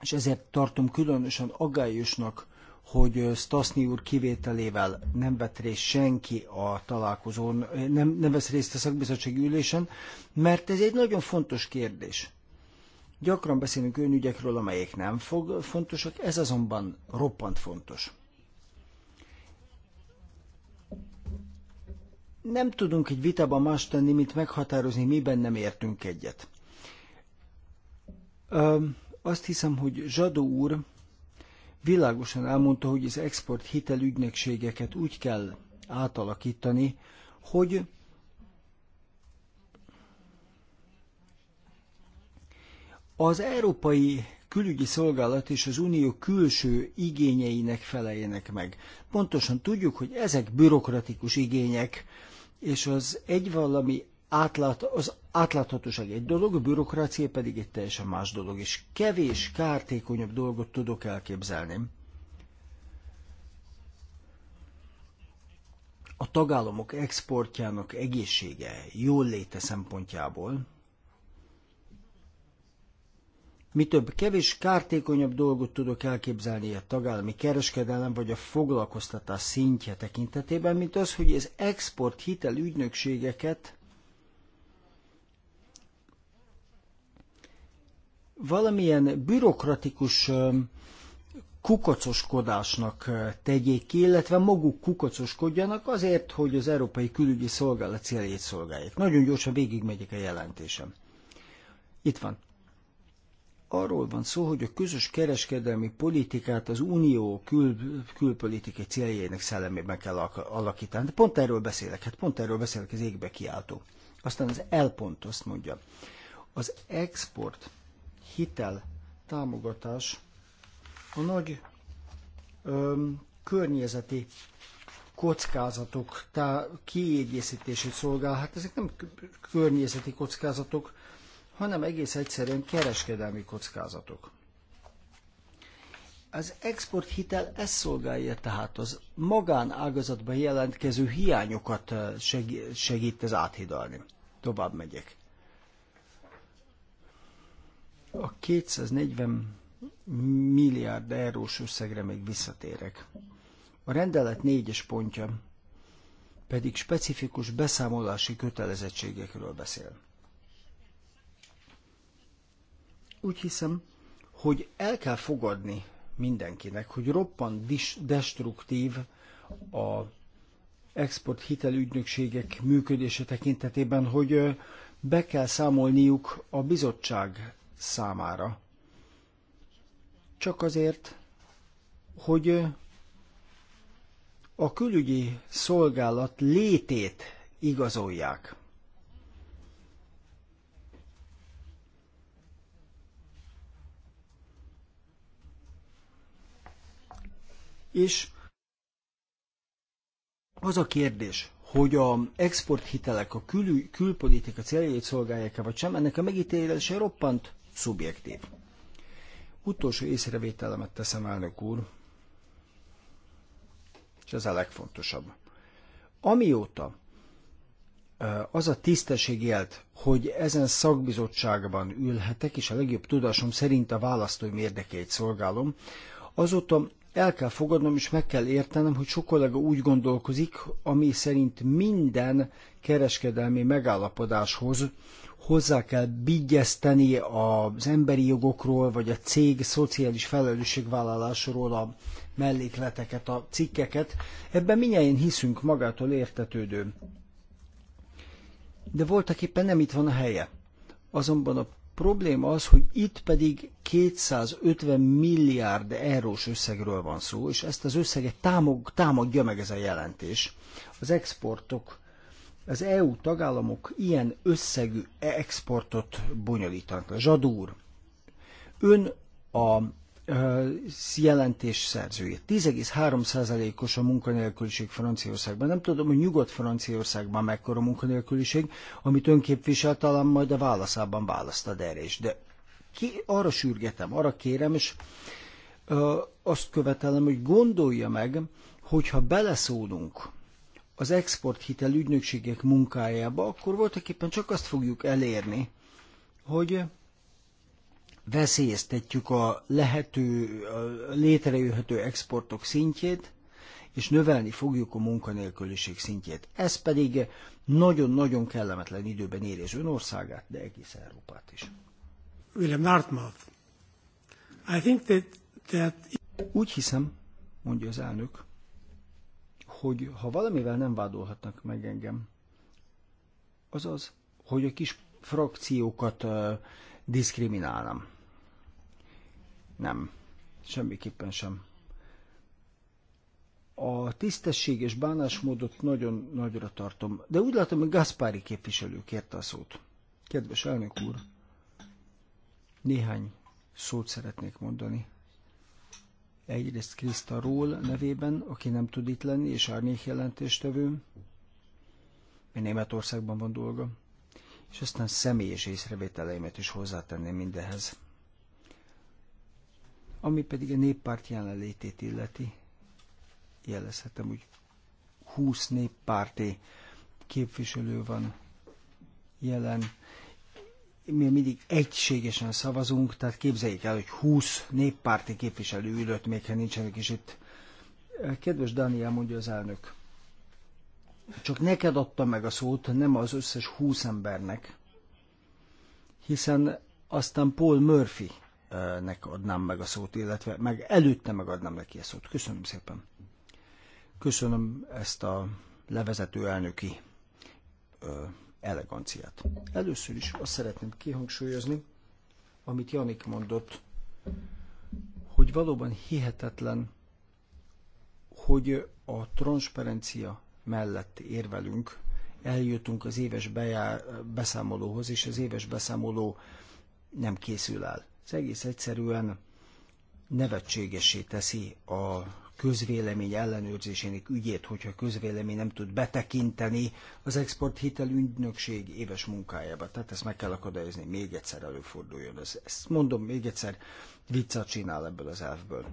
és ezért tartom különösen aggályosnak, hogy Stasny úr kivételével nem vett részt senki a találkozón, nem, nem vesz részt a szakbizottsági ülésen, mert ez egy nagyon fontos kérdés. Gyakran beszélünk önügyekről, amelyek nem fog, fontosak, ez azonban roppant fontos. Nem tudunk egy vitában más tenni, mint meghatározni, miben nem értünk egyet. Ö, azt hiszem, hogy Zsadó úr világosan elmondta, hogy az export hitelügynökségeket úgy kell átalakítani, hogy az európai külügyi szolgálat és az unió külső igényeinek feleljenek meg. Pontosan tudjuk, hogy ezek bürokratikus igények, és az egy valami átlát, az átláthatóság egy dolog, a bürokrácia pedig egy teljesen más dolog, és kevés, kártékonyabb dolgot tudok elképzelni. A tagállamok exportjának egészsége, jól léte szempontjából, mi több, kevés kártékonyabb dolgot tudok elképzelni a tagállami kereskedelem vagy a foglalkoztatás szintje tekintetében, mint az, hogy az export hitel ügynökségeket valamilyen bürokratikus kukacoskodásnak tegyék ki, illetve maguk kukacoskodjanak azért, hogy az Európai Külügyi Szolgálat céljét szolgálják. Nagyon gyorsan végigmegyek a jelentésem. Itt van. Arról van szó, hogy a közös kereskedelmi politikát az unió kül- külpolitikai céljainak szellemében kell alakítani. De pont erről beszélek, hát pont erről beszélek az égbe kiáltó. Aztán az elpont azt mondja. Az export hitel támogatás a nagy öm, környezeti kockázatok tá- kiegészítését szolgál. Hát ezek nem környezeti kockázatok, hanem egész egyszerűen kereskedelmi kockázatok. Az exporthitel ezt szolgálja tehát az magánágazatban jelentkező hiányokat segít ez áthidalni. Tovább megyek. A 240 milliárd eurós összegre még visszatérek. A rendelet négyes pontja pedig specifikus beszámolási kötelezettségekről beszél. Úgy hiszem, hogy el kell fogadni mindenkinek, hogy roppant destruktív a export hitelügynökségek működése tekintetében, hogy be kell számolniuk a bizottság számára. Csak azért, hogy a külügyi szolgálat létét igazolják. És az a kérdés, hogy a exporthitelek a kül, külpolitika céljait szolgálják-e vagy sem, ennek a megítélése roppant szubjektív. Utolsó észrevételemet teszem, elnök úr, és ez a legfontosabb. Amióta az a tisztesség élt, hogy ezen szakbizottságban ülhetek, és a legjobb tudásom szerint a választóim érdekeit szolgálom, azóta el kell fogadnom és meg kell értenem, hogy sok kollega úgy gondolkozik, ami szerint minden kereskedelmi megállapodáshoz hozzá kell bigyeszteni az emberi jogokról, vagy a cég szociális felelősségvállalásról a mellékleteket, a cikkeket. Ebben minnyáján hiszünk magától értetődő. De voltak éppen nem itt van a helye. Azonban a probléma az, hogy itt pedig 250 milliárd eurós összegről van szó, és ezt az összeget támog, támadja meg ez a jelentés. Az exportok az EU tagállamok ilyen összegű exportot bonyolítanak. Zsadúr, ön a jelentés szerzője. 10,3%-os a munkanélküliség Franciaországban. Nem tudom, hogy Nyugat-Franciaországban mekkora munkanélküliség, amit önképvisel, talán majd a válaszában választad erre is. De ki, arra sürgetem, arra kérem, és ö, azt követelem, hogy gondolja meg, hogyha beleszólunk az exporthitel ügynökségek munkájába, akkor voltaképpen csak azt fogjuk elérni, hogy veszélyeztetjük a lehető, a létrejöhető exportok szintjét, és növelni fogjuk a munkanélküliség szintjét. Ez pedig nagyon-nagyon kellemetlen időben éri az önországát, de egész Európát is. William Dartmouth. I think that, that... Úgy hiszem, mondja az elnök, hogy ha valamivel nem vádolhatnak meg engem, az az, hogy a kis frakciókat uh, diszkriminálnám. Nem, semmiképpen sem. A tisztességes bánásmódot nagyon nagyra tartom, de úgy látom, hogy Gaspári képviselő kérte a szót. Kedves elnök úr, néhány szót szeretnék mondani egyrészt Krista Ról nevében, aki nem tud itt lenni, és árnyék jelentéstevő, Németországban van dolga, és aztán személyes észrevételeimet is hozzátenném mindehez. Ami pedig a néppárt jelenlétét illeti, jelezhetem, hogy 20 néppárti képviselő van jelen, mi mindig egységesen szavazunk, tehát képzeljék el, hogy 20 néppárti képviselő ülött, még ha nincsenek is itt. Kedves Daniel, mondja az elnök, csak neked adtam meg a szót, nem az összes 20 embernek, hiszen aztán Paul Murphy nek adnám meg a szót, illetve meg előtte megadnám neki a szót. Köszönöm szépen. Köszönöm ezt a levezető elnöki eleganciát. Először is azt szeretném kihangsúlyozni, amit Janik mondott, hogy valóban hihetetlen, hogy a transzparencia mellett érvelünk, eljutunk az éves bejár, beszámolóhoz, és az éves beszámoló nem készül el. Ez egész egyszerűen nevetségesé teszi a közvélemény ellenőrzésének ügyét, hogyha a közvélemény nem tud betekinteni az exporthitel ügynökség éves munkájába. Tehát ezt meg kell akadályozni, még egyszer előforduljon. Ez, ezt mondom, még egyszer viccet csinál ebből az elfből.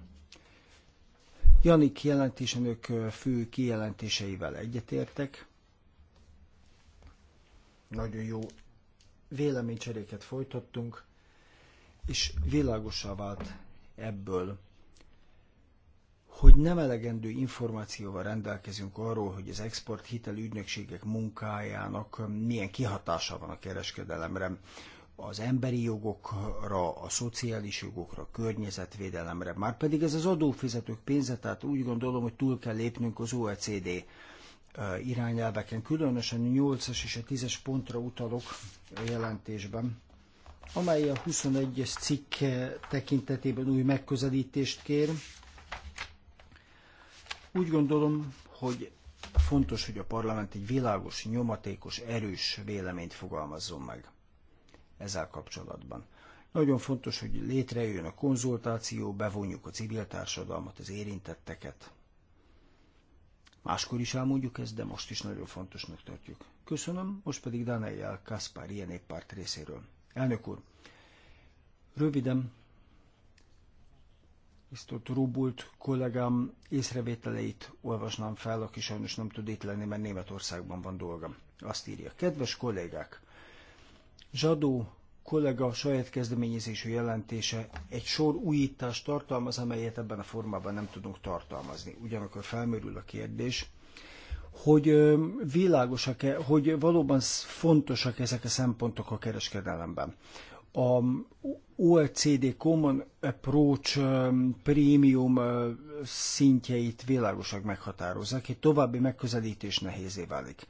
Janik jelentésenök fő kijelentéseivel egyetértek. Nagyon jó véleménycseréket folytattunk, és világosá vált ebből, hogy nem elegendő információval rendelkezünk arról, hogy az export hitel ügynökségek munkájának milyen kihatása van a kereskedelemre, az emberi jogokra, a szociális jogokra, a környezetvédelemre. Márpedig ez az adófizetők pénze, tehát úgy gondolom, hogy túl kell lépnünk az OECD eh, irányelveken, különösen a 8-as és a 10-es pontra utalok a jelentésben, amely a 21-es cikk eh, tekintetében új megközelítést kér, úgy gondolom, hogy fontos, hogy a parlament egy világos, nyomatékos, erős véleményt fogalmazzon meg ezzel kapcsolatban. Nagyon fontos, hogy létrejön a konzultáció, bevonjuk a civil társadalmat, az érintetteket. Máskor is elmondjuk ezt, de most is nagyon fontosnak tartjuk. Köszönöm, most pedig Daniel Kaspar ilyen néppárt részéről. Elnök úr, röviden Isztott Rubult kollégám észrevételeit olvasnám fel, aki sajnos nem tud itt lenni, mert Németországban van dolga. Azt írja, kedves kollégák, Zsadó kollega saját kezdeményezésű jelentése egy sor újítást tartalmaz, amelyet ebben a formában nem tudunk tartalmazni. Ugyanakkor felmerül a kérdés, hogy világosak-e, hogy valóban fontosak ezek a szempontok a kereskedelemben a OECD Common Approach um, prémium uh, szintjeit világosan meghatározzák, egy további megközelítés nehézé válik.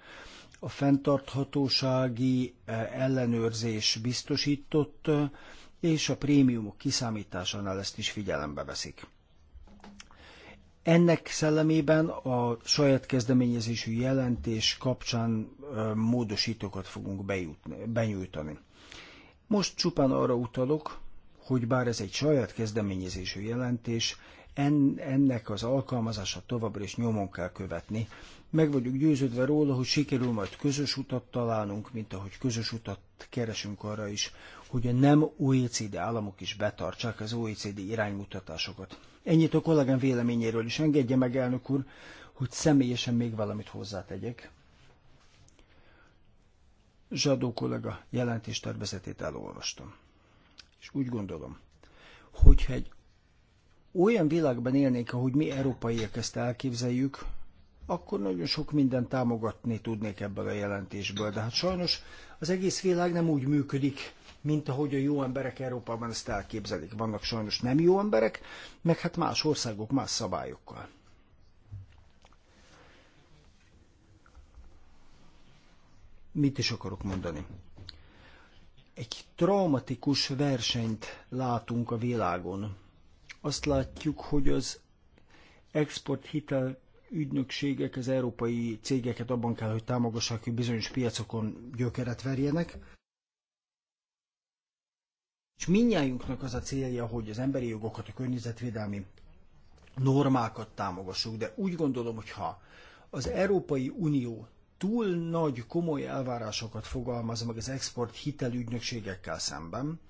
A fenntarthatósági uh, ellenőrzés biztosított, uh, és a prémiumok kiszámításánál ezt is figyelembe veszik. Ennek szellemében a saját kezdeményezésű jelentés kapcsán módosítókat fogunk bejutni, benyújtani. Most csupán arra utalok, hogy bár ez egy saját kezdeményezésű jelentés, en, ennek az alkalmazása továbbra is nyomon kell követni. Meg vagyunk győződve róla, hogy sikerül majd közös utat találnunk, mint ahogy közös utat keresünk arra is, hogy a nem OECD államok is betartsák az OECD iránymutatásokat. Ennyit a kollégám véleményéről is engedje meg, elnök úr, hogy személyesen még valamit hozzátegyek. Zsadó kollega jelentés tervezetét elolvastam. És úgy gondolom, hogyha egy olyan világban élnék, ahogy mi európaiak ezt elképzeljük, akkor nagyon sok mindent támogatni tudnék ebből a jelentésből. De hát sajnos az egész világ nem úgy működik, mint ahogy a jó emberek Európában ezt elképzelik. Vannak sajnos nem jó emberek, meg hát más országok más szabályokkal. Mit is akarok mondani? Egy traumatikus versenyt látunk a világon. Azt látjuk, hogy az exporthitel ügynökségek az európai cégeket abban kell, hogy támogassák, hogy bizonyos piacokon gyökeret verjenek. És minnyájunknak az a célja, hogy az emberi jogokat, a környezetvédelmi normákat támogassuk, de úgy gondolom, hogy ha az Európai Unió túl nagy, komoly elvárásokat fogalmaz meg az export hitelügynökségekkel szemben,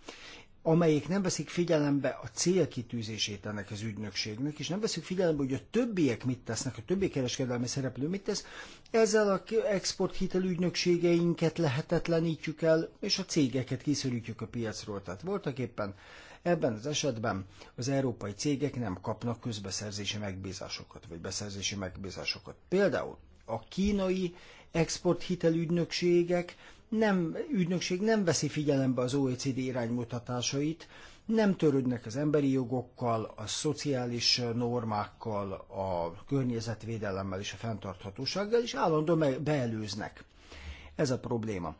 amelyek nem veszik figyelembe a célkitűzését ennek az ügynökségnek, és nem veszik figyelembe, hogy a többiek mit tesznek, a többi kereskedelmi szereplő mit tesz, ezzel a export hitelügynökségeinket lehetetlenítjük el, és a cégeket kiszorítjuk a piacról. Tehát voltak éppen ebben az esetben az európai cégek nem kapnak közbeszerzési megbízásokat, vagy beszerzési megbízásokat. Például a kínai exporthitelügynökségek nem, ügynökség nem veszi figyelembe az OECD iránymutatásait, nem törődnek az emberi jogokkal, a szociális normákkal, a környezetvédelemmel és a fenntarthatósággal, és állandóan beelőznek. Ez a probléma.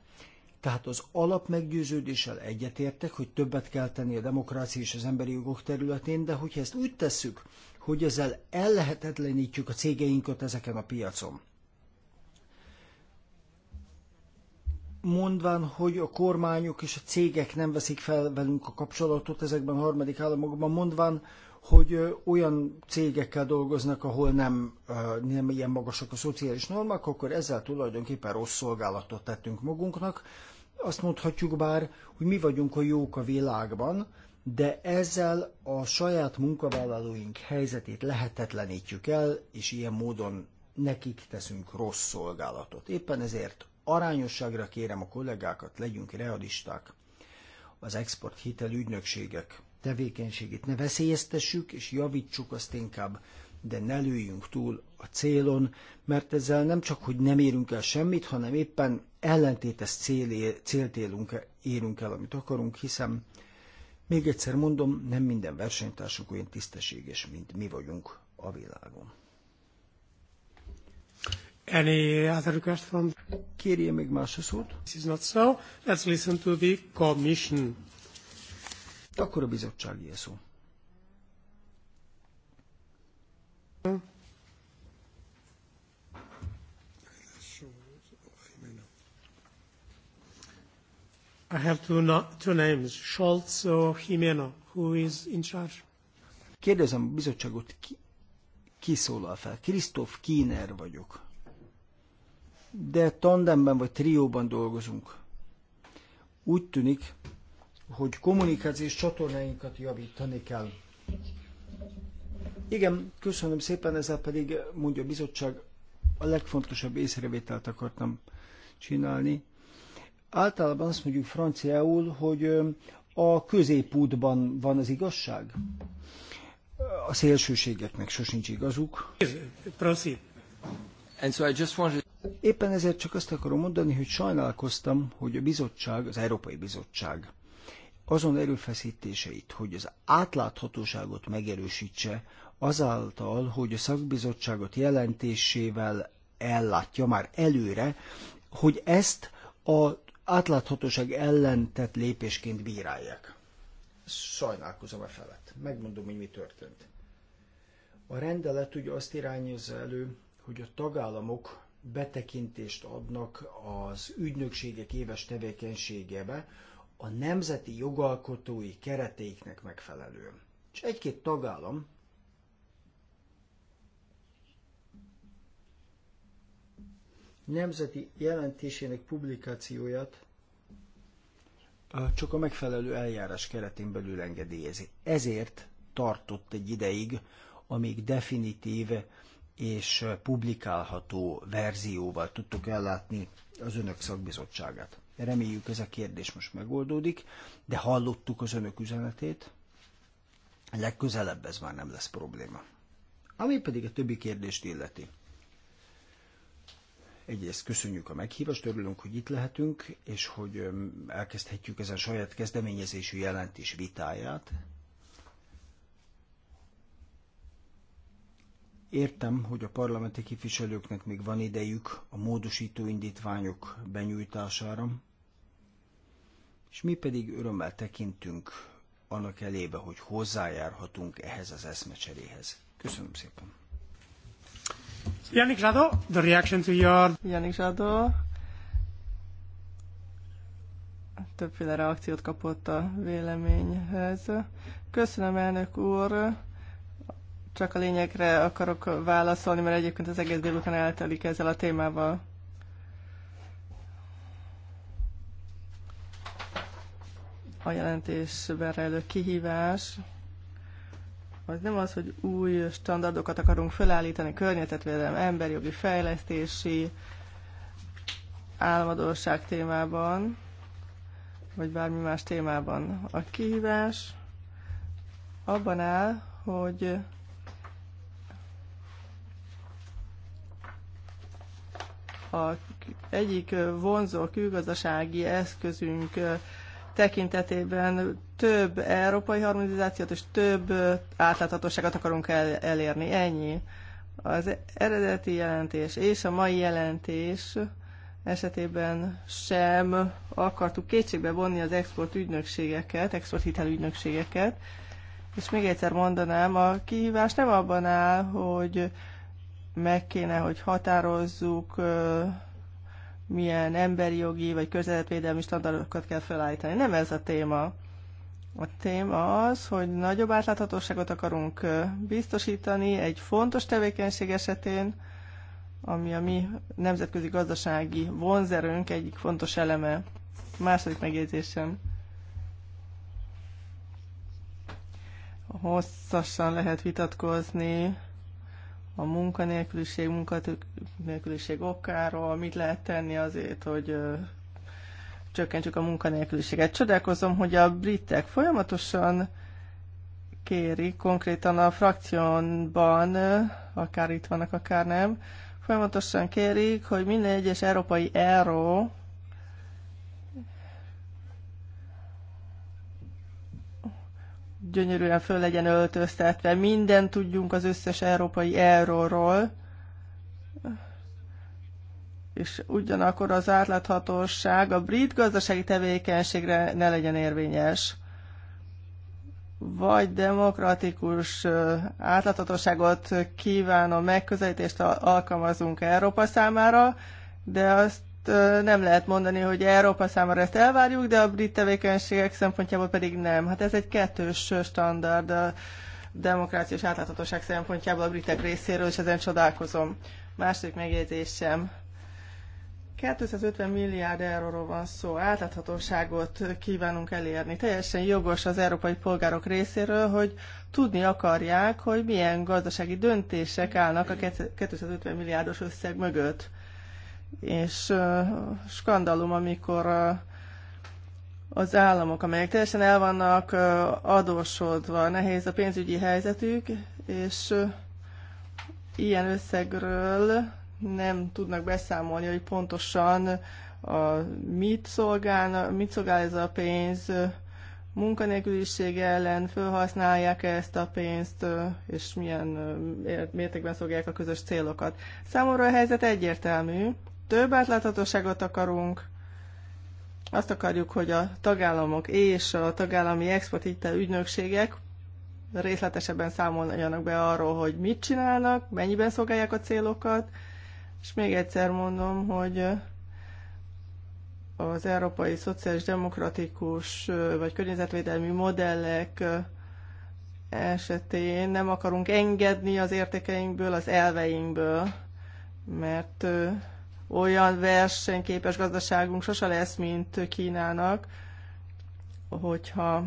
Tehát az alapmeggyőződéssel egyetértek, hogy többet kell tenni a demokrácia és az emberi jogok területén, de hogyha ezt úgy tesszük, hogy ezzel ellehetetlenítjük a cégeinket ezeken a piacon, mondván, hogy a kormányok és a cégek nem veszik fel velünk a kapcsolatot ezekben a harmadik államokban, mondván, hogy olyan cégekkel dolgoznak, ahol nem, nem ilyen magasak a szociális normák, akkor ezzel tulajdonképpen rossz szolgálatot tettünk magunknak. Azt mondhatjuk bár, hogy mi vagyunk a jók a világban, de ezzel a saját munkavállalóink helyzetét lehetetlenítjük el, és ilyen módon nekik teszünk rossz szolgálatot. Éppen ezért arányosságra kérem a kollégákat, legyünk realisták. Az export hitel ügynökségek tevékenységét ne veszélyeztessük, és javítsuk azt inkább, de ne lőjünk túl a célon, mert ezzel nem csak, hogy nem érünk el semmit, hanem éppen ellentétes cél, célt élünk, érünk el, amit akarunk, hiszen még egyszer mondom, nem minden versenytársunk olyan tisztességes, mint mi vagyunk a világon. Any other request from... Kérje még más a szót? This is not so. Let's listen to the commission. Akkor a bizottság ilyen szó. I have two, no, two names, Scholz or Jimeno, who is in charge. Kérdezem a bizottságot, ki, ki szólal fel? Krisztóf Kíner vagyok de tandemben vagy trióban dolgozunk. Úgy tűnik, hogy kommunikációs csatornáinkat javítani kell. Igen, köszönöm szépen, ezzel pedig mondja a bizottság, a legfontosabb észrevételt akartam csinálni. Általában azt mondjuk franciául, hogy a középútban van az igazság. A szélsőségeknek sosincs igazuk. Proceed. And so I just wanted... Éppen ezért csak azt akarom mondani, hogy sajnálkoztam, hogy a bizottság, az Európai Bizottság azon erőfeszítéseit, hogy az átláthatóságot megerősítse, azáltal, hogy a szakbizottságot jelentésével ellátja már előre, hogy ezt az átláthatóság ellen tett lépésként bírálják. Sajnálkozom e felett. Megmondom, hogy mi történt. A rendelet ugye azt irányozza elő, hogy a tagállamok betekintést adnak az ügynökségek éves tevékenységebe a nemzeti jogalkotói kereteiknek megfelelően. És egy-két tagállam nemzeti jelentésének publikációját csak a megfelelő eljárás keretén belül engedélyezi. Ezért tartott egy ideig, amíg definitív és publikálható verzióval tudtuk ellátni az önök szakbizottságát. Reméljük ez a kérdés most megoldódik, de hallottuk az önök üzenetét, legközelebb ez már nem lesz probléma. Ami pedig a többi kérdést illeti. Egyrészt köszönjük a meghívást, örülünk, hogy itt lehetünk, és hogy elkezdhetjük ezen saját kezdeményezésű jelentés vitáját, Értem, hogy a parlamenti képviselőknek még van idejük a módosító indítványok benyújtására, és mi pedig örömmel tekintünk annak elébe, hogy hozzájárhatunk ehhez az eszmecseréhez. Köszönöm szépen. Janik Zsadó, the reaction to your... Janik Zsadó, többféle reakciót kapott a véleményhez. Köszönöm, elnök úr csak a lényegre akarok válaszolni, mert egyébként az egész délután eltelik ezzel a témával. A jelentésben rejlő kihívás az nem az, hogy új standardokat akarunk felállítani, környezetvédelem, emberjogi, fejlesztési, álmodóság témában, vagy bármi más témában. A kihívás abban áll, hogy a egyik vonzó külgazdasági eszközünk tekintetében több európai harmonizációt és több átláthatóságot akarunk el, elérni. Ennyi. Az eredeti jelentés és a mai jelentés esetében sem akartuk kétségbe vonni az export ügynökségeket, hitel ügynökségeket. És még egyszer mondanám, a kihívás nem abban áll, hogy meg kéne, hogy határozzuk, milyen emberi jogi vagy közeletvédelmi standardokat kell felállítani. Nem ez a téma. A téma az, hogy nagyobb átláthatóságot akarunk biztosítani egy fontos tevékenység esetén, ami a mi nemzetközi gazdasági vonzerőnk egyik fontos eleme. Második megjegyzésem. Hosszasan lehet vitatkozni a munkanélküliség, munkanélküliség okáról, mit lehet tenni azért, hogy csökkentsük a munkanélküliséget. Csodálkozom, hogy a britek folyamatosan kéri, konkrétan a frakcióban akár itt vannak, akár nem, folyamatosan kérik, hogy minden egyes európai euró, gyönyörűen föl legyen öltöztetve. Minden tudjunk az összes európai erről. és ugyanakkor az átláthatóság a brit gazdasági tevékenységre ne legyen érvényes. Vagy demokratikus átláthatóságot kívánó megközelítést alkalmazunk Európa számára, de azt nem lehet mondani, hogy Európa számára ezt elvárjuk, de a brit tevékenységek szempontjából pedig nem. Hát ez egy kettős standard a demokrácia és átláthatóság szempontjából a britek részéről, és ezen csodálkozom. Második megjegyzésem. 250 milliárd euróról van szó, átláthatóságot kívánunk elérni. Teljesen jogos az európai polgárok részéről, hogy tudni akarják, hogy milyen gazdasági döntések állnak a 250 milliárdos összeg mögött és uh, skandalum, amikor uh, az államok, amelyek teljesen el vannak uh, adósodva, nehéz a pénzügyi helyzetük, és uh, ilyen összegről nem tudnak beszámolni, hogy pontosan a, mit, szolgál, mit szolgál ez a pénz, munkanélküliség ellen felhasználják -e ezt a pénzt, és milyen mértékben szolgálják a közös célokat. Számomra a helyzet egyértelmű, több átláthatóságot akarunk, azt akarjuk, hogy a tagállamok és a tagállami exportítel ügynökségek részletesebben számoljanak be arról, hogy mit csinálnak, mennyiben szolgálják a célokat, és még egyszer mondom, hogy az európai szociális demokratikus vagy környezetvédelmi modellek esetén nem akarunk engedni az értékeinkből, az elveinkből, mert olyan versenyképes gazdaságunk sose lesz, mint Kínának, hogyha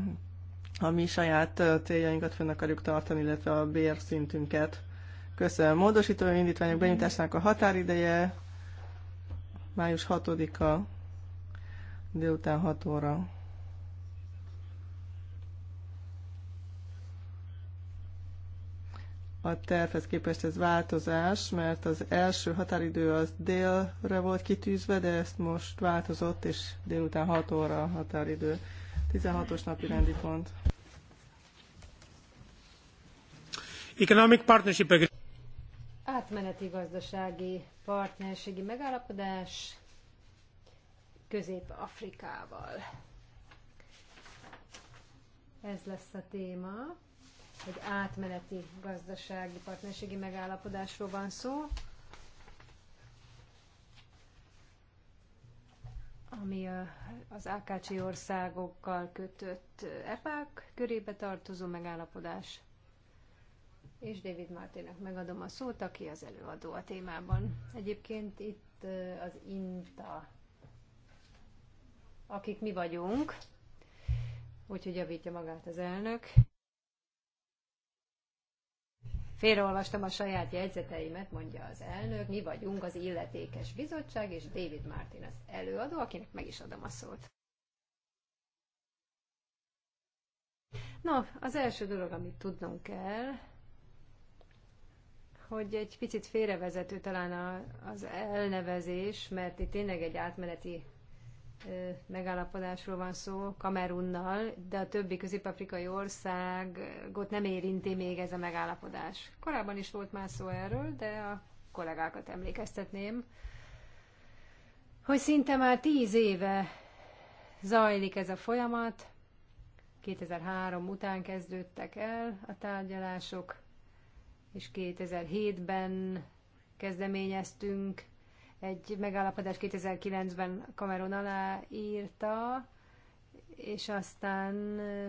a mi saját céljainkat fönn akarjuk tartani, illetve a bérszintünket. Köszönöm. Módosító indítványok benyújtásának a határideje május 6-a délután 6 óra. a tervhez képest ez változás, mert az első határidő az délre volt kitűzve, de ezt most változott, és délután 6 óra a határidő. 16-os napi rendi pont. Economic Partnership Átmeneti gazdasági partnerségi megállapodás Közép-Afrikával. Ez lesz a téma egy átmeneti gazdasági partnerségi megállapodásról van szó, ami az AKC országokkal kötött EPÁK körébe tartozó megállapodás. És David Mártének megadom a szót, aki az előadó a témában. Egyébként itt az INTA, akik mi vagyunk, úgyhogy javítja magát az elnök. Félreolvastam a saját jegyzeteimet, mondja az elnök. Mi vagyunk az illetékes bizottság, és David Martin az előadó, akinek meg is adom a szót. Na, az első dolog, amit tudnunk kell, hogy egy picit félrevezető talán a, az elnevezés, mert itt tényleg egy átmeneti megállapodásról van szó Kamerunnal, de a többi közép-afrikai országot nem érinti még ez a megállapodás. Korábban is volt már szó erről, de a kollégákat emlékeztetném, hogy szinte már tíz éve zajlik ez a folyamat, 2003 után kezdődtek el a tárgyalások, és 2007-ben kezdeményeztünk egy megállapodás 2009-ben Cameron alá írta, és aztán eh,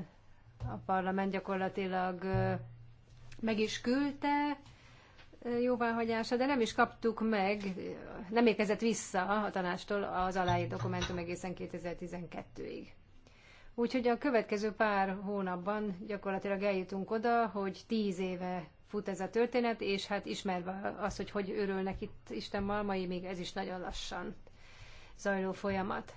a parlament gyakorlatilag eh, meg is küldte eh, jóváhagyása, de nem is kaptuk meg, nem érkezett vissza a tanástól az aláírt dokumentum egészen 2012-ig. Úgyhogy a következő pár hónapban gyakorlatilag eljutunk oda, hogy tíz éve fut ez a történet, és hát ismerve az, hogy hogy örülnek itt Isten malmai, még ez is nagyon lassan zajló folyamat.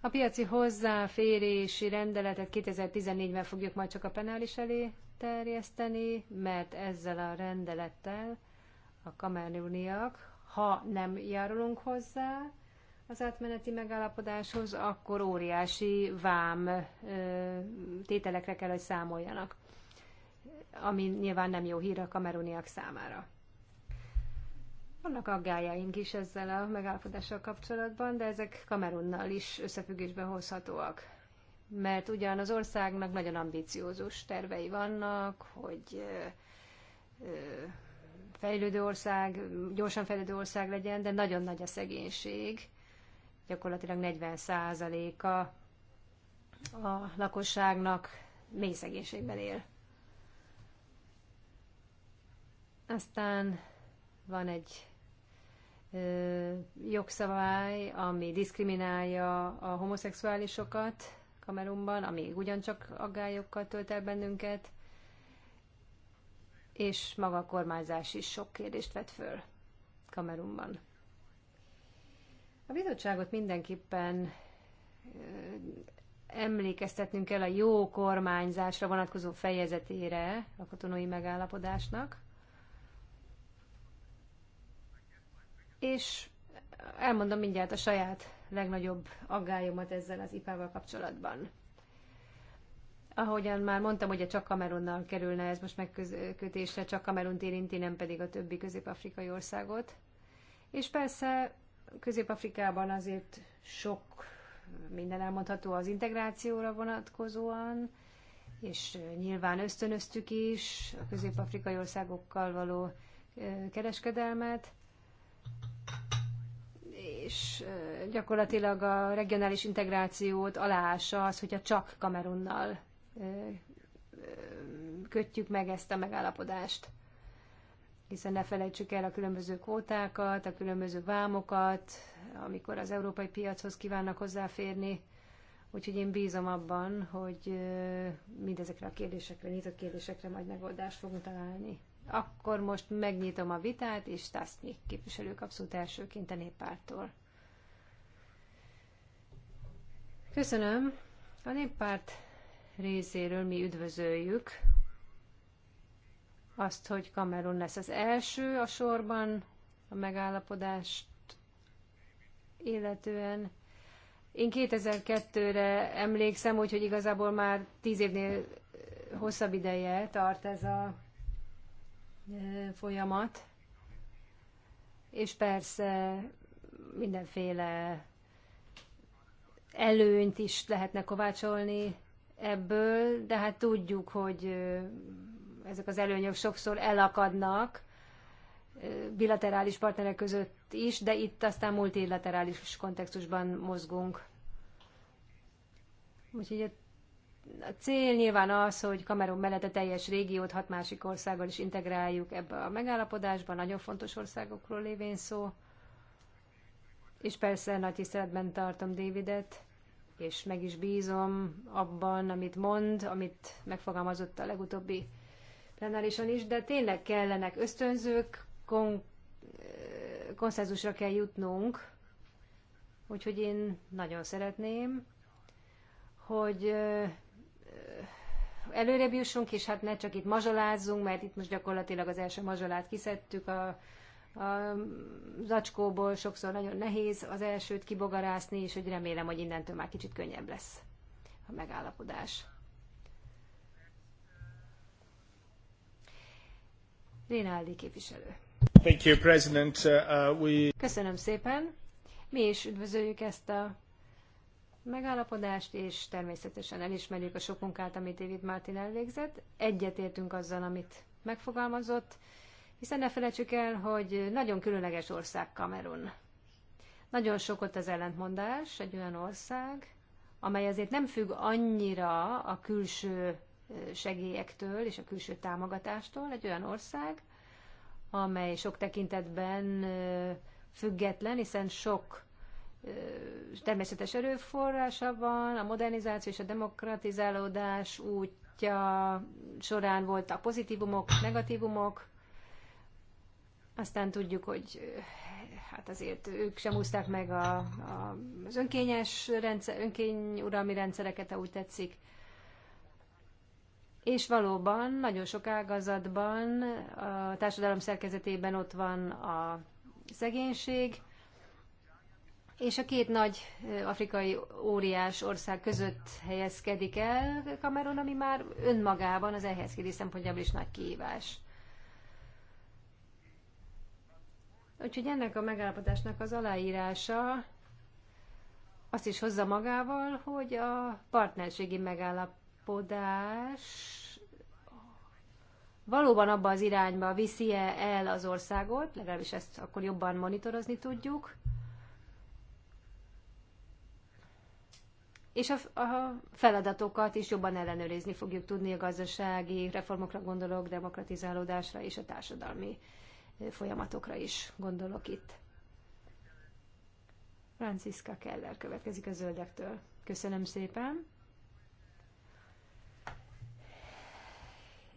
A piaci hozzáférési rendeletet 2014-ben fogjuk majd csak a penális elé terjeszteni, mert ezzel a rendelettel a kameruniak, ha nem járulunk hozzá, az átmeneti megállapodáshoz, akkor óriási vám tételekre kell, hogy számoljanak, ami nyilván nem jó hír a kameruniak számára. Vannak aggájaink is ezzel a megállapodással kapcsolatban, de ezek Kamerunnal is összefüggésbe hozhatóak. Mert ugyan az országnak nagyon ambiciózus tervei vannak, hogy fejlődő ország, gyorsan fejlődő ország legyen, de nagyon nagy a szegénység, gyakorlatilag 40%-a a lakosságnak mély szegénységben él. Aztán van egy ö, jogszabály, ami diszkriminálja a homoszexuálisokat Kamerunban, ami ugyancsak aggályokkal tölt el bennünket, és maga a kormányzás is sok kérdést vet föl Kamerunban. A bizottságot mindenképpen emlékeztetnünk kell a jó kormányzásra vonatkozó fejezetére a katonai megállapodásnak. És elmondom mindjárt a saját legnagyobb aggályomat ezzel az ipával kapcsolatban. Ahogyan már mondtam, hogy csak Kamerunnal kerülne ez most megkötésre, csak Kamerunt érinti, nem pedig a többi közép-afrikai országot. És persze Közép-Afrikában azért sok minden elmondható az integrációra vonatkozóan, és nyilván ösztönöztük is a közép-afrikai országokkal való kereskedelmet, és gyakorlatilag a regionális integrációt aláása az, hogyha csak Kamerunnal kötjük meg ezt a megállapodást hiszen ne felejtsük el a különböző kvótákat, a különböző vámokat, amikor az európai piachoz kívánnak hozzáférni. Úgyhogy én bízom abban, hogy mindezekre a kérdésekre, nyitott kérdésekre majd megoldást fogunk találni. Akkor most megnyitom a vitát, és Tasznyi képviselők abszolút elsőként a néppártól. Köszönöm. A néppárt részéről mi üdvözöljük azt, hogy Kamerun lesz az első a sorban a megállapodást illetően. Én 2002-re emlékszem, úgyhogy igazából már tíz évnél hosszabb ideje tart ez a folyamat. És persze mindenféle előnyt is lehetne kovácsolni ebből, de hát tudjuk, hogy ezek az előnyök sokszor elakadnak bilaterális partnerek között is, de itt aztán multilaterális kontextusban mozgunk. Úgyhogy a cél nyilván az, hogy Kamerun mellett a teljes régiót hat másik országgal is integráljuk ebbe a megállapodásba, nagyon fontos országokról lévén szó. És persze nagy tiszteletben tartom Davidet, és meg is bízom abban, amit mond, amit megfogalmazott a legutóbbi plenárison is, de tényleg kellenek ösztönzők, kon- konszenzusra kell jutnunk, úgyhogy én nagyon szeretném, hogy előrébb jussunk, és hát ne csak itt mazsolázzunk, mert itt most gyakorlatilag az első mazsolát kiszedtük a, a zacskóból, sokszor nagyon nehéz az elsőt kibogarászni, és hogy remélem, hogy innentől már kicsit könnyebb lesz a megállapodás. Rinaldi képviselő. Thank you, President. Uh, uh, we... Köszönöm szépen. Mi is üdvözöljük ezt a megállapodást, és természetesen elismerjük a sok munkát, amit David Martin elvégzett. Egyetértünk azzal, amit megfogalmazott, hiszen ne felejtsük el, hogy nagyon különleges ország Kamerun. Nagyon sok ott az ellentmondás, egy olyan ország, amely azért nem függ annyira a külső segélyektől és a külső támogatástól egy olyan ország, amely sok tekintetben független, hiszen sok természetes erőforrása van, a modernizáció és a demokratizálódás útja során voltak pozitívumok, negatívumok, aztán tudjuk, hogy hát azért ők sem úszták meg a, a, az önkényes rendszer, önkényuralmi rendszereket, ha úgy tetszik, és valóban nagyon sok ágazatban a társadalom szerkezetében ott van a szegénység, és a két nagy afrikai óriás ország között helyezkedik el Kamerun, ami már önmagában az elhelyezkedés szempontjából is nagy kihívás. Úgyhogy ennek a megállapodásnak az aláírása azt is hozza magával, hogy a partnerségi megállap megállapodás valóban abba az irányba viszi -e el az országot, legalábbis ezt akkor jobban monitorozni tudjuk, és a, a feladatokat is jobban ellenőrizni fogjuk tudni a gazdasági reformokra gondolok, demokratizálódásra és a társadalmi folyamatokra is gondolok itt. Franciska Keller következik a zöldektől. Köszönöm szépen!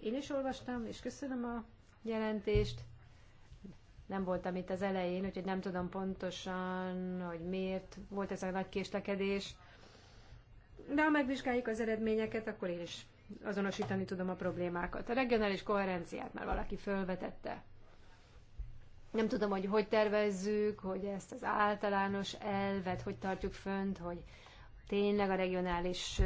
Én is olvastam, és köszönöm a jelentést. Nem voltam itt az elején, úgyhogy nem tudom pontosan, hogy miért volt ez a nagy késlekedés. De ha megvizsgáljuk az eredményeket, akkor én is azonosítani tudom a problémákat. A regionális koherenciát már valaki fölvetette. Nem tudom, hogy hogy tervezzük, hogy ezt az általános elvet hogy tartjuk fönt, hogy tényleg a regionális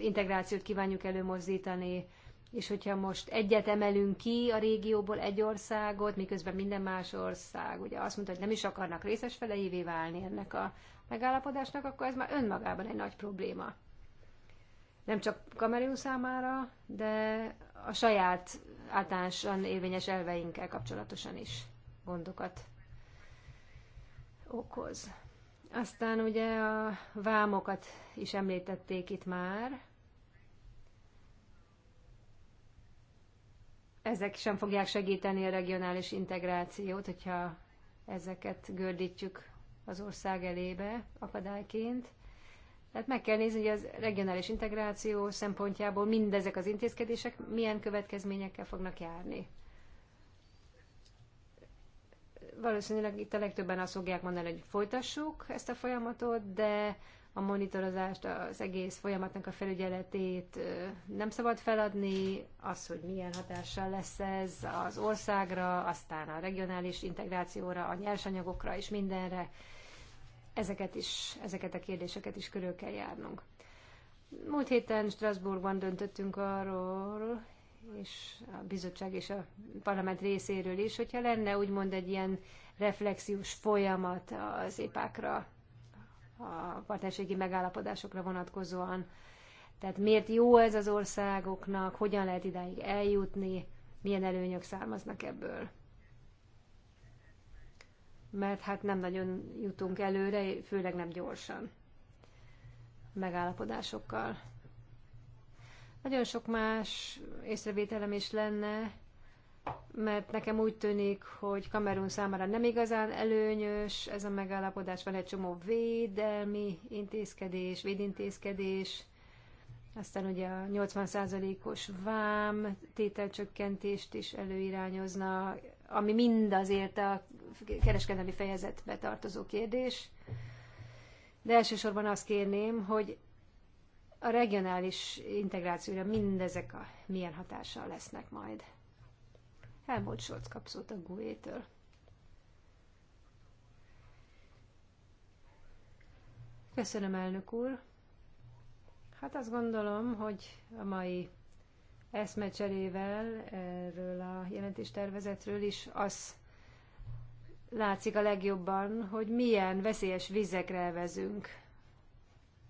integrációt kívánjuk előmozdítani, és hogyha most egyet emelünk ki a régióból egy országot, miközben minden más ország ugye azt mondta, hogy nem is akarnak részes feleivé válni ennek a megállapodásnak, akkor ez már önmagában egy nagy probléma. Nem csak Kamerun számára, de a saját általánosan érvényes elveinkkel kapcsolatosan is gondokat okoz. Aztán ugye a vámokat is említették itt már, ezek sem fogják segíteni a regionális integrációt, hogyha ezeket gördítjük az ország elébe akadályként. Tehát meg kell nézni, hogy az regionális integráció szempontjából mindezek az intézkedések milyen következményekkel fognak járni. Valószínűleg itt a legtöbben azt fogják mondani, hogy folytassuk ezt a folyamatot, de a monitorozást, az egész folyamatnak a felügyeletét nem szabad feladni, az, hogy milyen hatással lesz ez az országra, aztán a regionális integrációra, a nyersanyagokra és mindenre. Ezeket, is, ezeket a kérdéseket is körül kell járnunk. Múlt héten Strasbourgban döntöttünk arról, és a bizottság és a parlament részéről is, hogyha lenne úgymond egy ilyen reflexiós folyamat az épákra a partnerségi megállapodásokra vonatkozóan. Tehát miért jó ez az országoknak, hogyan lehet idáig eljutni, milyen előnyök származnak ebből. Mert hát nem nagyon jutunk előre, főleg nem gyorsan megállapodásokkal. Nagyon sok más észrevételem is lenne, mert nekem úgy tűnik, hogy Kamerun számára nem igazán előnyös ez a megállapodás, van egy csomó védelmi intézkedés, védintézkedés, aztán ugye a 80%-os vám tételcsökkentést is előirányozna, ami mind azért a kereskedelmi fejezetbe tartozó kérdés. De elsősorban azt kérném, hogy a regionális integrációra mindezek a milyen hatással lesznek majd. Helmut sorc kapszott a gue Köszönöm, elnök úr. Hát azt gondolom, hogy a mai eszmecserével erről a jelentéstervezetről is az látszik a legjobban, hogy milyen veszélyes vizekre vezünk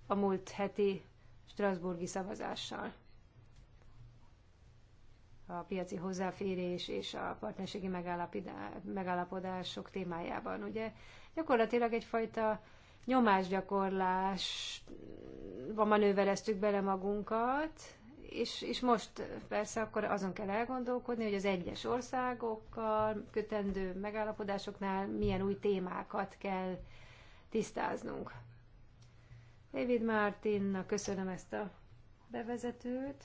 a múlt heti Strasburgi szavazással a piaci hozzáférés és a partnerségi megállapodások témájában. Ugye gyakorlatilag egyfajta van manővereztük bele magunkat, és, és most persze akkor azon kell elgondolkodni, hogy az egyes országokkal kötendő megállapodásoknál milyen új témákat kell tisztáznunk. David Martinnak köszönöm ezt a bevezetőt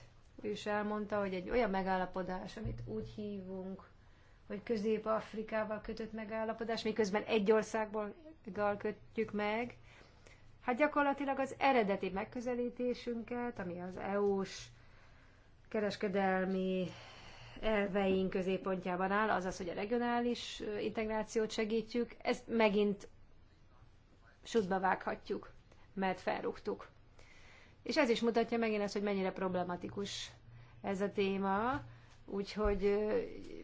is elmondta, hogy egy olyan megállapodás, amit úgy hívunk, hogy Közép-Afrikával kötött megállapodás, miközben egy országból kötjük meg, hát gyakorlatilag az eredeti megközelítésünket, ami az EU-s kereskedelmi elveink középpontjában áll, azaz, hogy a regionális integrációt segítjük, ezt megint sútba vághatjuk, mert felrúgtuk. És ez is mutatja megint azt, hogy mennyire problematikus ez a téma, úgyhogy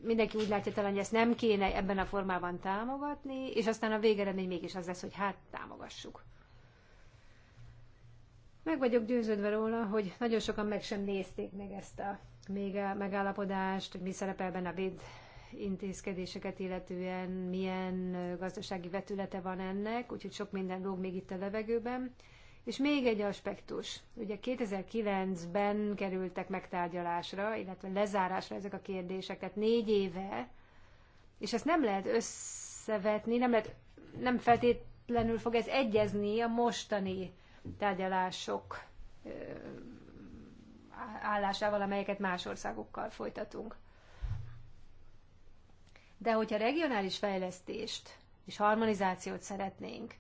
mindenki úgy látja talán, hogy ezt nem kéne ebben a formában támogatni, és aztán a végeredmény mégis az lesz, hogy hát támogassuk. Meg vagyok győződve róla, hogy nagyon sokan meg sem nézték meg ezt a még a megállapodást, hogy mi szerepel benne a véd intézkedéseket illetően, milyen gazdasági vetülete van ennek, úgyhogy sok minden lóg még itt a levegőben. És még egy aspektus. Ugye 2009-ben kerültek megtárgyalásra, illetve lezárásra ezek a kérdések, tehát négy éve, és ezt nem lehet összevetni, nem, lehet, nem feltétlenül fog ez egyezni a mostani tárgyalások állásával, amelyeket más országokkal folytatunk. De hogyha regionális fejlesztést és harmonizációt szeretnénk,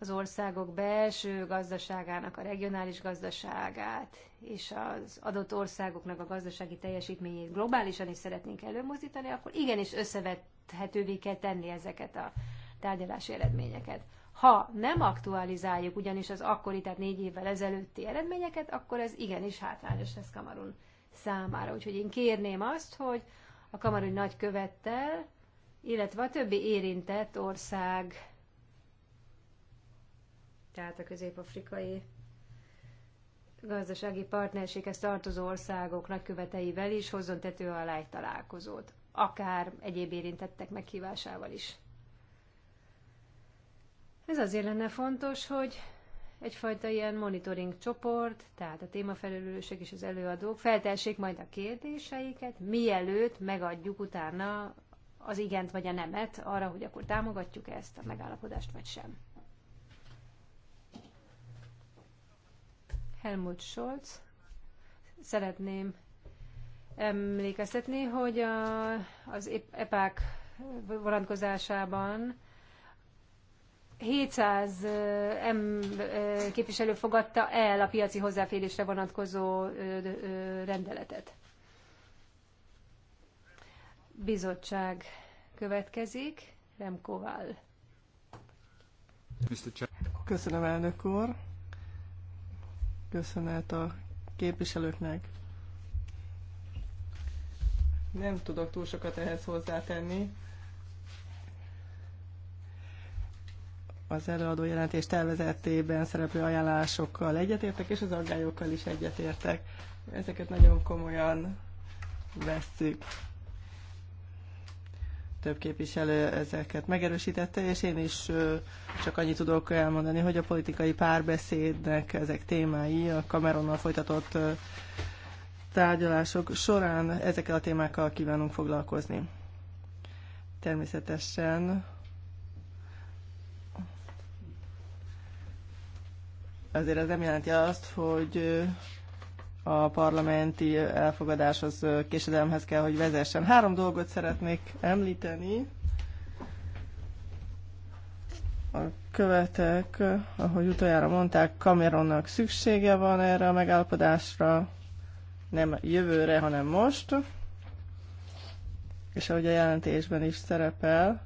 az országok belső gazdaságának, a regionális gazdaságát és az adott országoknak a gazdasági teljesítményét globálisan is szeretnénk előmozdítani, akkor igenis összevethetővé kell tenni ezeket a tárgyalási eredményeket. Ha nem aktualizáljuk ugyanis az akkori, tehát négy évvel ezelőtti eredményeket, akkor ez igenis hátrányos lesz Kamarun számára. Úgyhogy én kérném azt, hogy a kamarun nagykövettel, illetve a többi érintett ország tehát a közép-afrikai gazdasági partnerséghez tartozó országok nagyköveteivel is hozzon tető alá egy találkozót, akár egyéb érintettek meghívásával is. Ez azért lenne fontos, hogy egyfajta ilyen monitoring csoport, tehát a témafelelősök és az előadók feltessék majd a kérdéseiket, mielőtt megadjuk utána az igent vagy a nemet arra, hogy akkor támogatjuk ezt a megállapodást vagy sem. Helmut Scholz. Szeretném emlékeztetni, hogy a, az EPÁK vonatkozásában 700 M képviselő fogadta el a piaci hozzáférésre vonatkozó rendeletet. Bizottság következik. Remkovál. Köszönöm, elnök úr köszönet a képviselőknek. Nem tudok túl sokat ehhez hozzátenni. Az előadó jelentés tervezetében szereplő ajánlásokkal egyetértek, és az aggályokkal is egyetértek. Ezeket nagyon komolyan vesszük több képviselő ezeket megerősítette, és én is csak annyit tudok elmondani, hogy a politikai párbeszédnek ezek témái a Cameronnal folytatott tárgyalások során ezekkel a témákkal kívánunk foglalkozni. Természetesen azért ez nem jelenti azt, hogy a parlamenti elfogadás az késedelemhez kell, hogy vezessen. Három dolgot szeretnék említeni. A követek, ahogy utoljára mondták, Cameronnak szüksége van erre a megállapodásra, nem jövőre, hanem most. És ahogy a jelentésben is szerepel,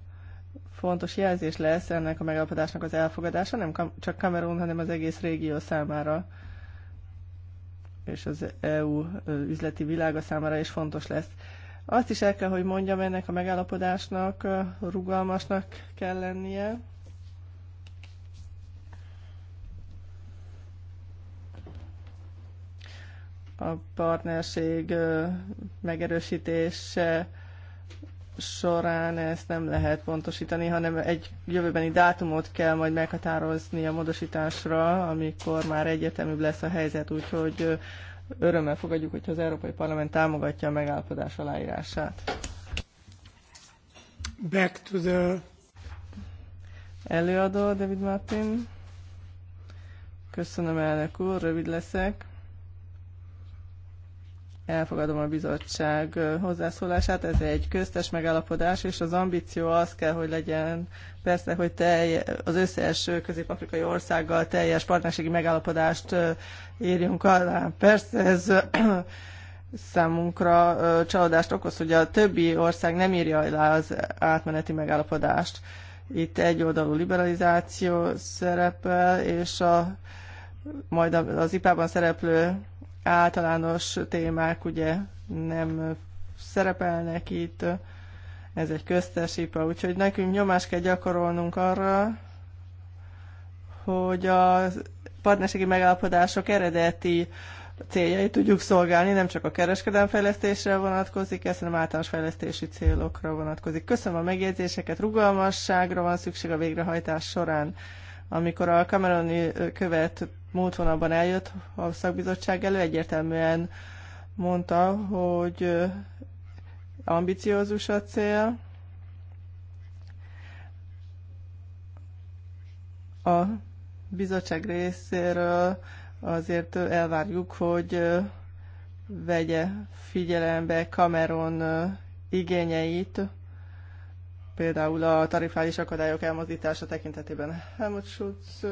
fontos jelzés lesz ennek a megállapodásnak az elfogadása, nem csak Cameron, hanem az egész régió számára és az EU üzleti világa számára is fontos lesz. Azt is el kell, hogy mondjam, ennek a megállapodásnak rugalmasnak kell lennie. A partnerség megerősítése során ezt nem lehet pontosítani, hanem egy jövőbeni dátumot kell majd meghatározni a módosításra, amikor már egyeteműbb lesz a helyzet, úgyhogy örömmel fogadjuk, hogyha az Európai Parlament támogatja a megállapodás aláírását. Back to the... Előadó David Martin. Köszönöm elnök úr, rövid leszek elfogadom a bizottság hozzászólását. Ez egy köztes megállapodás, és az ambíció az kell, hogy legyen persze, hogy telj, az összes közép-afrikai országgal teljes partnerségi megállapodást írjunk alá. Persze ez számunkra csalódást okoz, hogy a többi ország nem írja alá az átmeneti megállapodást. Itt egyoldalú liberalizáció szerepel, és a majd az IPA-ban szereplő általános témák ugye nem szerepelnek itt, ez egy köztes IPA, úgyhogy nekünk nyomást kell gyakorolnunk arra, hogy a partnerségi megállapodások eredeti céljait tudjuk szolgálni, nem csak a fejlesztésre vonatkozik, ez hanem általános fejlesztési célokra vonatkozik. Köszönöm a megjegyzéseket, rugalmasságra van szükség a végrehajtás során. Amikor a Cameroni követ múlt hónapban eljött a szakbizottság elő, egyértelműen mondta, hogy ambiciózus a cél, a bizottság részéről azért elvárjuk, hogy vegye figyelembe Cameron igényeit, például a tarifális akadályok elmozdítása tekintetében. Helmut Schulz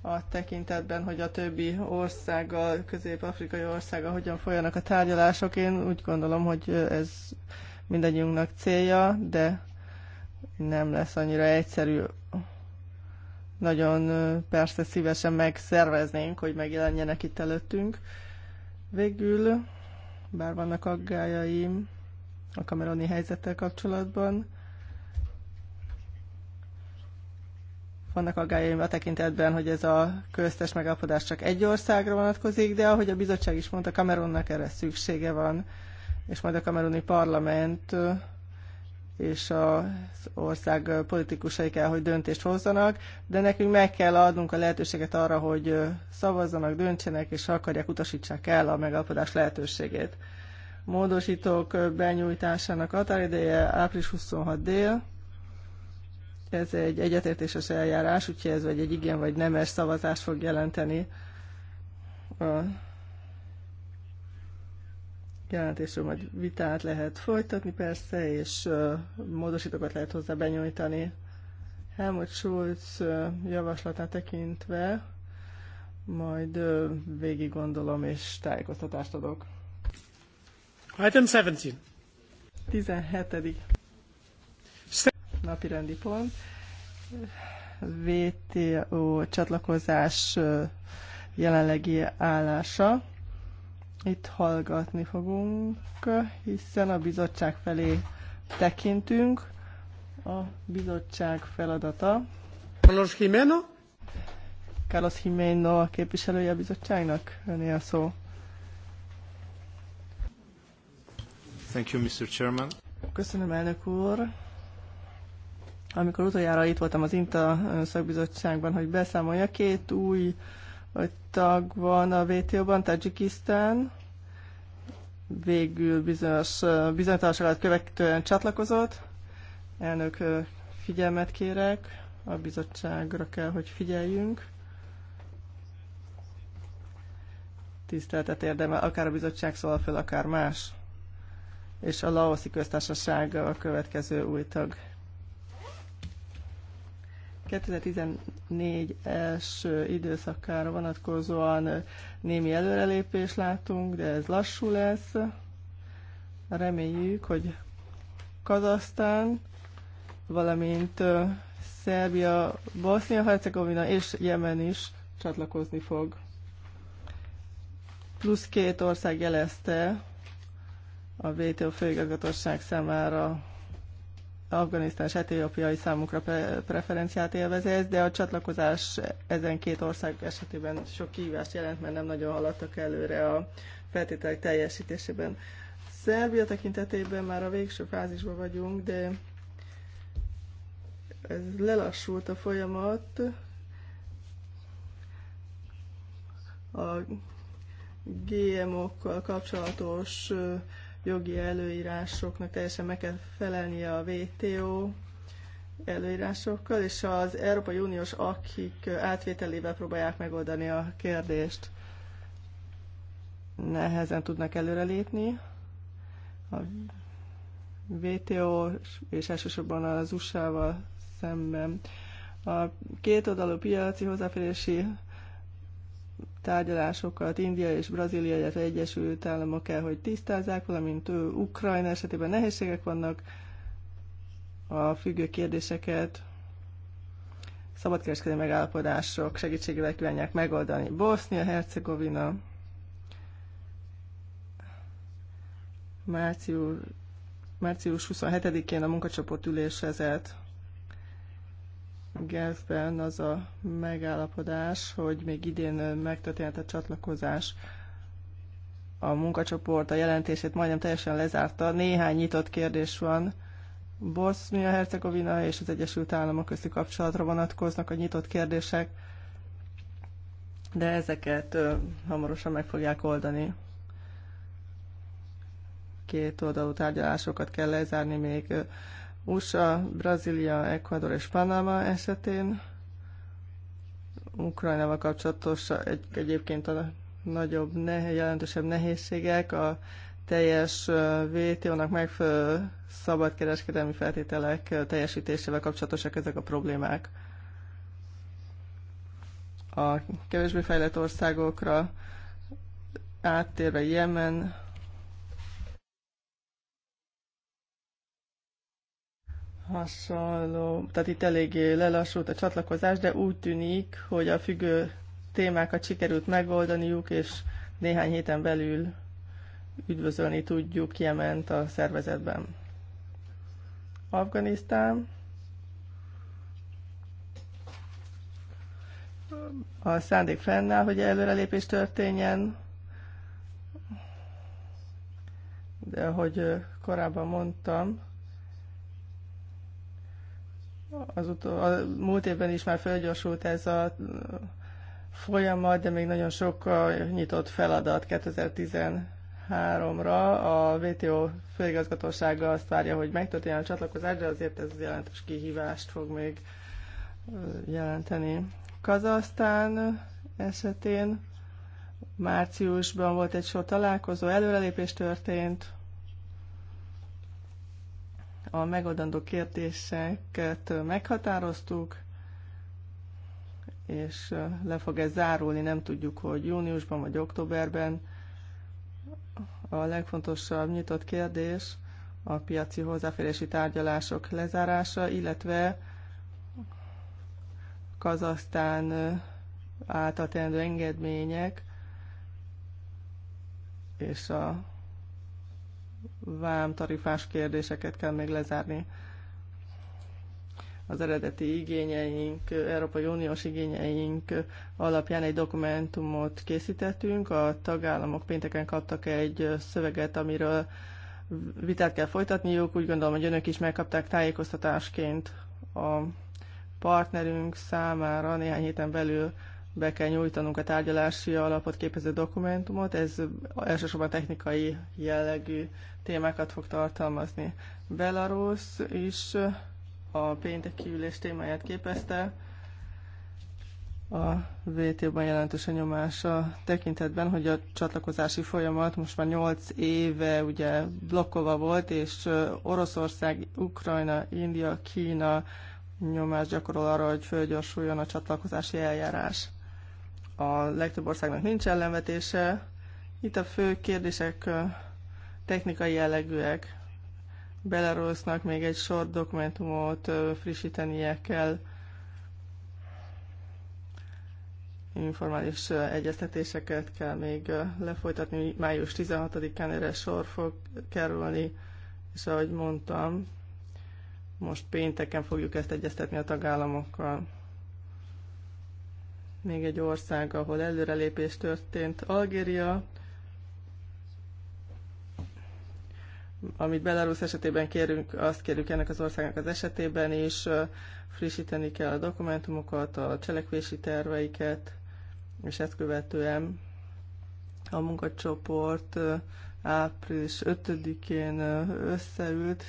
a tekintetben, hogy a többi országgal, közép-afrikai országgal hogyan folyanak a tárgyalások. Én úgy gondolom, hogy ez mindannyiunknak célja, de nem lesz annyira egyszerű. Nagyon persze szívesen megszerveznénk, hogy megjelenjenek itt előttünk. Végül, bár vannak aggájaim a kameroni helyzettel kapcsolatban, vannak aggájaim a tekintetben, hogy ez a köztes megállapodás csak egy országra vonatkozik, de ahogy a bizottság is mondta, Kamerunnak erre szüksége van, és majd a kameruni parlament és az ország politikusai kell, hogy döntést hozzanak, de nekünk meg kell adnunk a lehetőséget arra, hogy szavazzanak, döntsenek, és ha akarják, utasítsák el a megalapodás lehetőségét. Módosítók benyújtásának határideje április 26 dél, ez egy egyetértéses eljárás, úgyhogy ez vagy egy igen vagy nemes szavazást fog jelenteni a jelentésről majd vitát lehet folytatni persze, és módosítókat lehet hozzá benyújtani. Helmut Schulz javaslatát tekintve majd végig gondolom és tájékoztatást adok. Item 17. 17 napirendi pont. VTO csatlakozás jelenlegi állása. Itt hallgatni fogunk, hiszen a bizottság felé tekintünk. A bizottság feladata. Carlos Jimeno? Carlos Jimeno a képviselője a bizottságnak. Öné a szó. Thank you, Mr. Chairman. Köszönöm, elnök úr. Amikor utoljára itt voltam az INTA szakbizottságban, hogy beszámolja, két új tag van a WTO-ban, Tajikisztán, végül bizonyos bizonytalanságát követően csatlakozott. Elnök, figyelmet kérek, a bizottságra kell, hogy figyeljünk. Tiszteltet érdemel, akár a bizottság szól föl, akár más. És a Laoszi köztársaság a következő új tag. 2014 első időszakára vonatkozóan némi előrelépés látunk, de ez lassú lesz. Reméljük, hogy Kazasztán, valamint Szerbia, Bosznia-Hercegovina és Jemen is csatlakozni fog. Plusz két ország jelezte a WTO főigazgatóság számára Afganisztán és Etiópiai számukra preferenciát élvez ez, de a csatlakozás ezen két ország esetében sok kihívást jelent, mert nem nagyon haladtak előre a feltételek teljesítésében. Szerbia tekintetében már a végső fázisban vagyunk, de ez lelassult a folyamat. A GMO-kkal kapcsolatos jogi előírásoknak teljesen meg kell felelnie a WTO előírásokkal, és az Európai Uniós akik átvételével próbálják megoldani a kérdést. Nehezen tudnak előrelépni. A WTO és elsősorban az USA-val szemben. A két oldalú piaci hozzáférési tárgyalásokat India és Brazília, illetve Egyesült Államok kell, hogy tisztázzák, valamint Ukrajna esetében nehézségek vannak, a függő kérdéseket szabadkereskedelmi megállapodások segítségével kívánják megoldani. Bosznia, Hercegovina, március, március 27-én a munkacsoport ülésezett Gv-ben az a megállapodás, hogy még idén megtörténhet a csatlakozás. A munkacsoport a jelentését majdnem teljesen lezárta. Néhány nyitott kérdés van. Bosznia-Hercegovina és az Egyesült Államok közti kapcsolatra vonatkoznak a nyitott kérdések, de ezeket ö, hamarosan meg fogják oldani. Két oldalú tárgyalásokat kell lezárni még USA, Brazília, Ecuador és Panama esetén. Ukrajnával kapcsolatos egy, egyébként a nagyobb, ne, jelentősebb nehézségek a teljes WTO-nak megfelelő szabadkereskedelmi feltételek teljesítésével kapcsolatosak ezek a problémák. A kevésbé fejlett országokra áttérve Jemen, hasonló, tehát itt eléggé lelassult a csatlakozás, de úgy tűnik, hogy a függő témákat sikerült megoldaniuk, és néhány héten belül üdvözölni tudjuk Jement a szervezetben. Afganisztán. A szándék fennáll, hogy előrelépés történjen, de ahogy korábban mondtam, az utó, a múlt évben is már felgyorsult ez a folyamat, de még nagyon sok nyitott feladat 2013-ra. A WTO főigazgatósága azt várja, hogy megtörténjen a csatlakozás, de azért ez jelentős kihívást fog még jelenteni. Kazasztán esetén márciusban volt egy sor találkozó, előrelépés történt, a megoldandó kérdéseket meghatároztuk, és le fog ez zárulni, nem tudjuk, hogy júniusban vagy októberben. A legfontosabb nyitott kérdés a piaci hozzáférési tárgyalások lezárása, illetve Kazasztán által teendő engedmények és a vámtarifás kérdéseket kell még lezárni. Az eredeti igényeink, Európai Uniós igényeink alapján egy dokumentumot készítettünk. A tagállamok pénteken kaptak egy szöveget, amiről vitát kell folytatniuk. Úgy gondolom, hogy önök is megkapták tájékoztatásként a partnerünk számára néhány héten belül be kell nyújtanunk a tárgyalási alapot képező dokumentumot, ez elsősorban technikai jellegű témákat fog tartalmazni. Belarus is a pénteki ülés témáját képezte, a VT-ban jelentős a a tekintetben, hogy a csatlakozási folyamat most már 8 éve ugye blokkolva volt, és Oroszország, Ukrajna, India, Kína nyomást gyakorol arra, hogy fölgyorsuljon a csatlakozási eljárás a legtöbb országnak nincs ellenvetése. Itt a fő kérdések technikai jellegűek. Belarusnak még egy sor dokumentumot frissítenie kell informális egyeztetéseket kell még lefolytatni. Május 16-án erre sor fog kerülni, és ahogy mondtam, most pénteken fogjuk ezt egyeztetni a tagállamokkal még egy ország, ahol előrelépés történt, Algéria, amit Belarus esetében kérünk, azt kérjük ennek az országnak az esetében is, frissíteni kell a dokumentumokat, a cselekvési terveiket, és ezt követően a munkacsoport április 5-én összeült,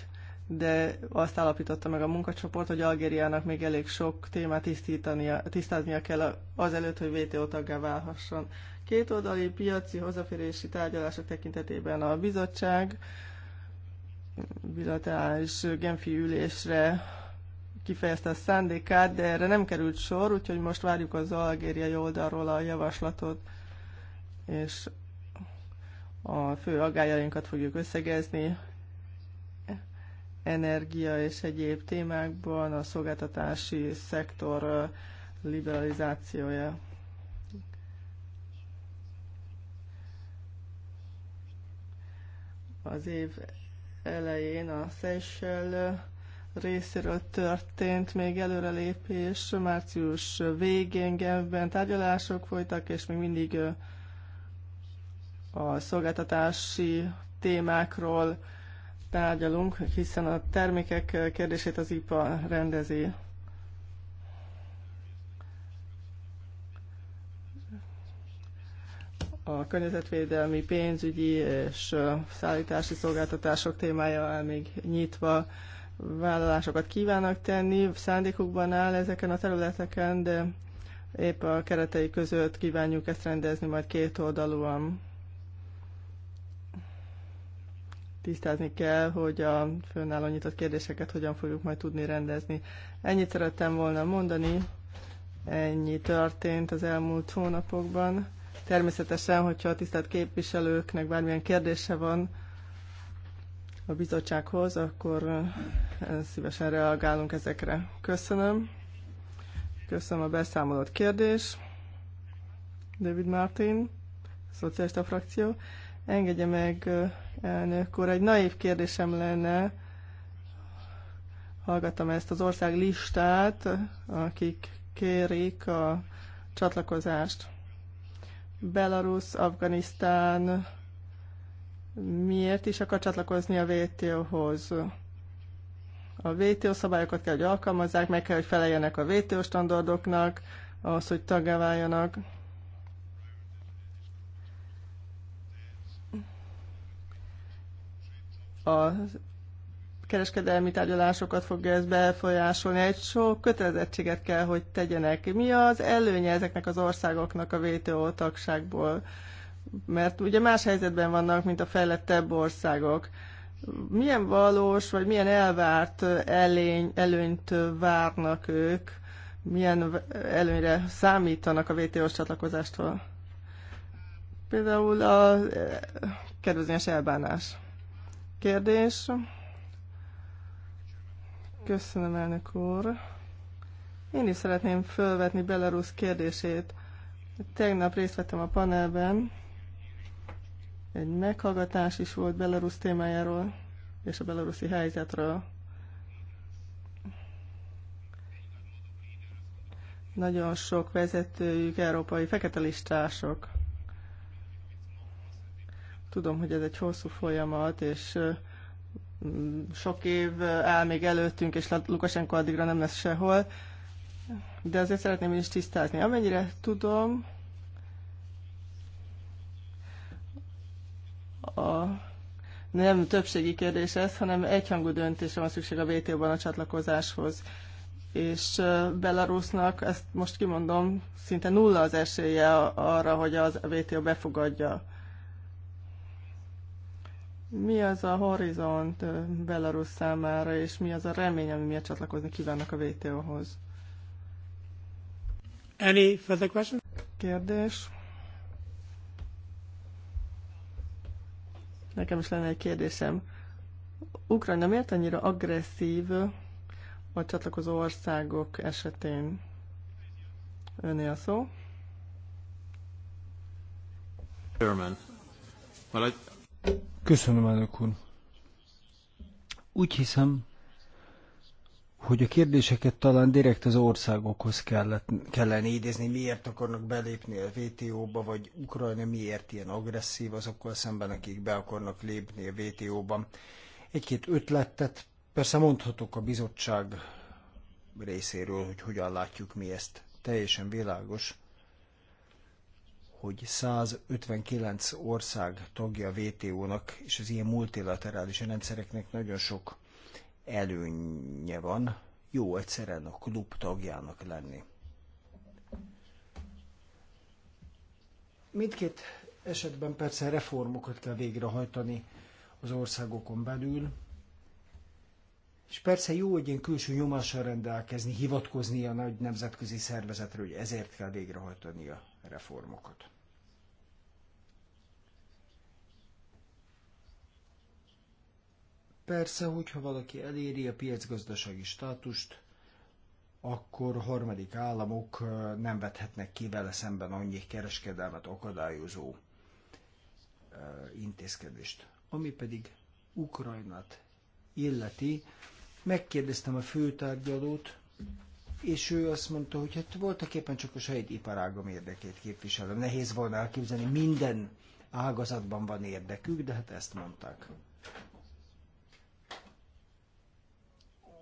de azt állapította meg a munkacsoport, hogy Algériának még elég sok témát tisztítania, tisztáznia kell azelőtt, hogy VTO taggá válhasson. Két oldali piaci hozzáférési tárgyalások tekintetében a bizottság bilaterális genfi ülésre kifejezte a szándékát, de erre nem került sor, úgyhogy most várjuk az algériai oldalról a javaslatot, és a fő aggájainkat fogjuk összegezni, energia és egyéb témákban a szolgáltatási szektor liberalizációja. Az év elején a Seychell részéről történt még előrelépés. Március végén Genfben tárgyalások folytak, és még mindig a szolgáltatási témákról tárgyalunk, hiszen a termékek kérdését az IPA rendezi. A környezetvédelmi, pénzügyi és szállítási szolgáltatások témája el még nyitva vállalásokat kívánnak tenni, szándékukban áll ezeken a területeken, de épp a keretei között kívánjuk ezt rendezni majd két oldalúan. tisztázni kell, hogy a fönnálló nyitott kérdéseket hogyan fogjuk majd tudni rendezni. Ennyit szerettem volna mondani, ennyi történt az elmúlt hónapokban. Természetesen, hogyha a tisztelt képviselőknek bármilyen kérdése van a bizottsághoz, akkor eh, szívesen reagálunk ezekre. Köszönöm. Köszönöm a beszámolott kérdés. David Martin, szocialista frakció. Engedje meg, elnök úr, egy naív kérdésem lenne. Hallgattam ezt az ország listát, akik kérik a csatlakozást. Belarus, Afganisztán, miért is akar csatlakozni a WTO-hoz? A WTO szabályokat kell, hogy alkalmazzák, meg kell, hogy feleljenek a WTO standardoknak, ahhoz, hogy tagáváljanak. váljanak a kereskedelmi tárgyalásokat fogja ez befolyásolni. Egy sok kötelezettséget kell, hogy tegyenek. Mi az előnye ezeknek az országoknak a WTO tagságból? Mert ugye más helyzetben vannak, mint a fejlettebb országok. Milyen valós, vagy milyen elvárt elény, előnyt várnak ők? Milyen előnyre számítanak a WTO-s csatlakozástól? Például a kedvezményes elbánás kérdés. Köszönöm, elnök úr. Én is szeretném felvetni Belarus kérdését. Tegnap részt vettem a panelben, egy meghallgatás is volt Belarus témájáról és a belaruszi helyzetről. Nagyon sok vezetőjük európai fekete listások. Tudom, hogy ez egy hosszú folyamat, és mm, sok év áll még előttünk, és Lukasenko addigra nem lesz sehol, de azért szeretném én is tisztázni. Amennyire tudom, a nem többségi kérdés ez, hanem egyhangú döntésre van szükség a WTO-ban a csatlakozáshoz. És Belarusnak, ezt most kimondom, szinte nulla az esélye arra, hogy az WTO befogadja. Mi az a horizont Belarus számára, és mi az a remény, ami miért csatlakozni kívánnak a WTO-hoz? Any further question? Kérdés. Nekem is lenne egy kérdésem. Ukrajna miért annyira agresszív a csatlakozó országok esetén? Öné a szó. German. Well, I... Köszönöm, elnök úr. Úgy hiszem, hogy a kérdéseket talán direkt az országokhoz kellett, kellene idézni, miért akarnak belépni a WTO-ba, vagy Ukrajna miért ilyen agresszív azokkal szemben, akik be akarnak lépni a WTO-ban. Egy-két ötletet persze mondhatok a bizottság részéről, hogy hogyan látjuk mi ezt. Teljesen világos, hogy 159 ország tagja a WTO-nak, és az ilyen multilaterális rendszereknek nagyon sok előnye van, jó egyszerűen a klub tagjának lenni. Mindkét esetben persze reformokat kell végrehajtani az országokon belül, és persze jó, hogy én külső nyomással rendelkezni, hivatkozni a nagy nemzetközi szervezetre, hogy ezért kell végrehajtani a reformokat. Persze, hogyha valaki eléri a piacgazdasági státust, akkor harmadik államok nem vethetnek ki vele szemben annyi kereskedelmet akadályozó intézkedést. Ami pedig Ukrajnát illeti, Megkérdeztem a főtárgyalót, és ő azt mondta, hogy hát voltak éppen csak a saját iparágom érdekét képviselem. Nehéz volna elképzelni, minden ágazatban van érdekük, de hát ezt mondták.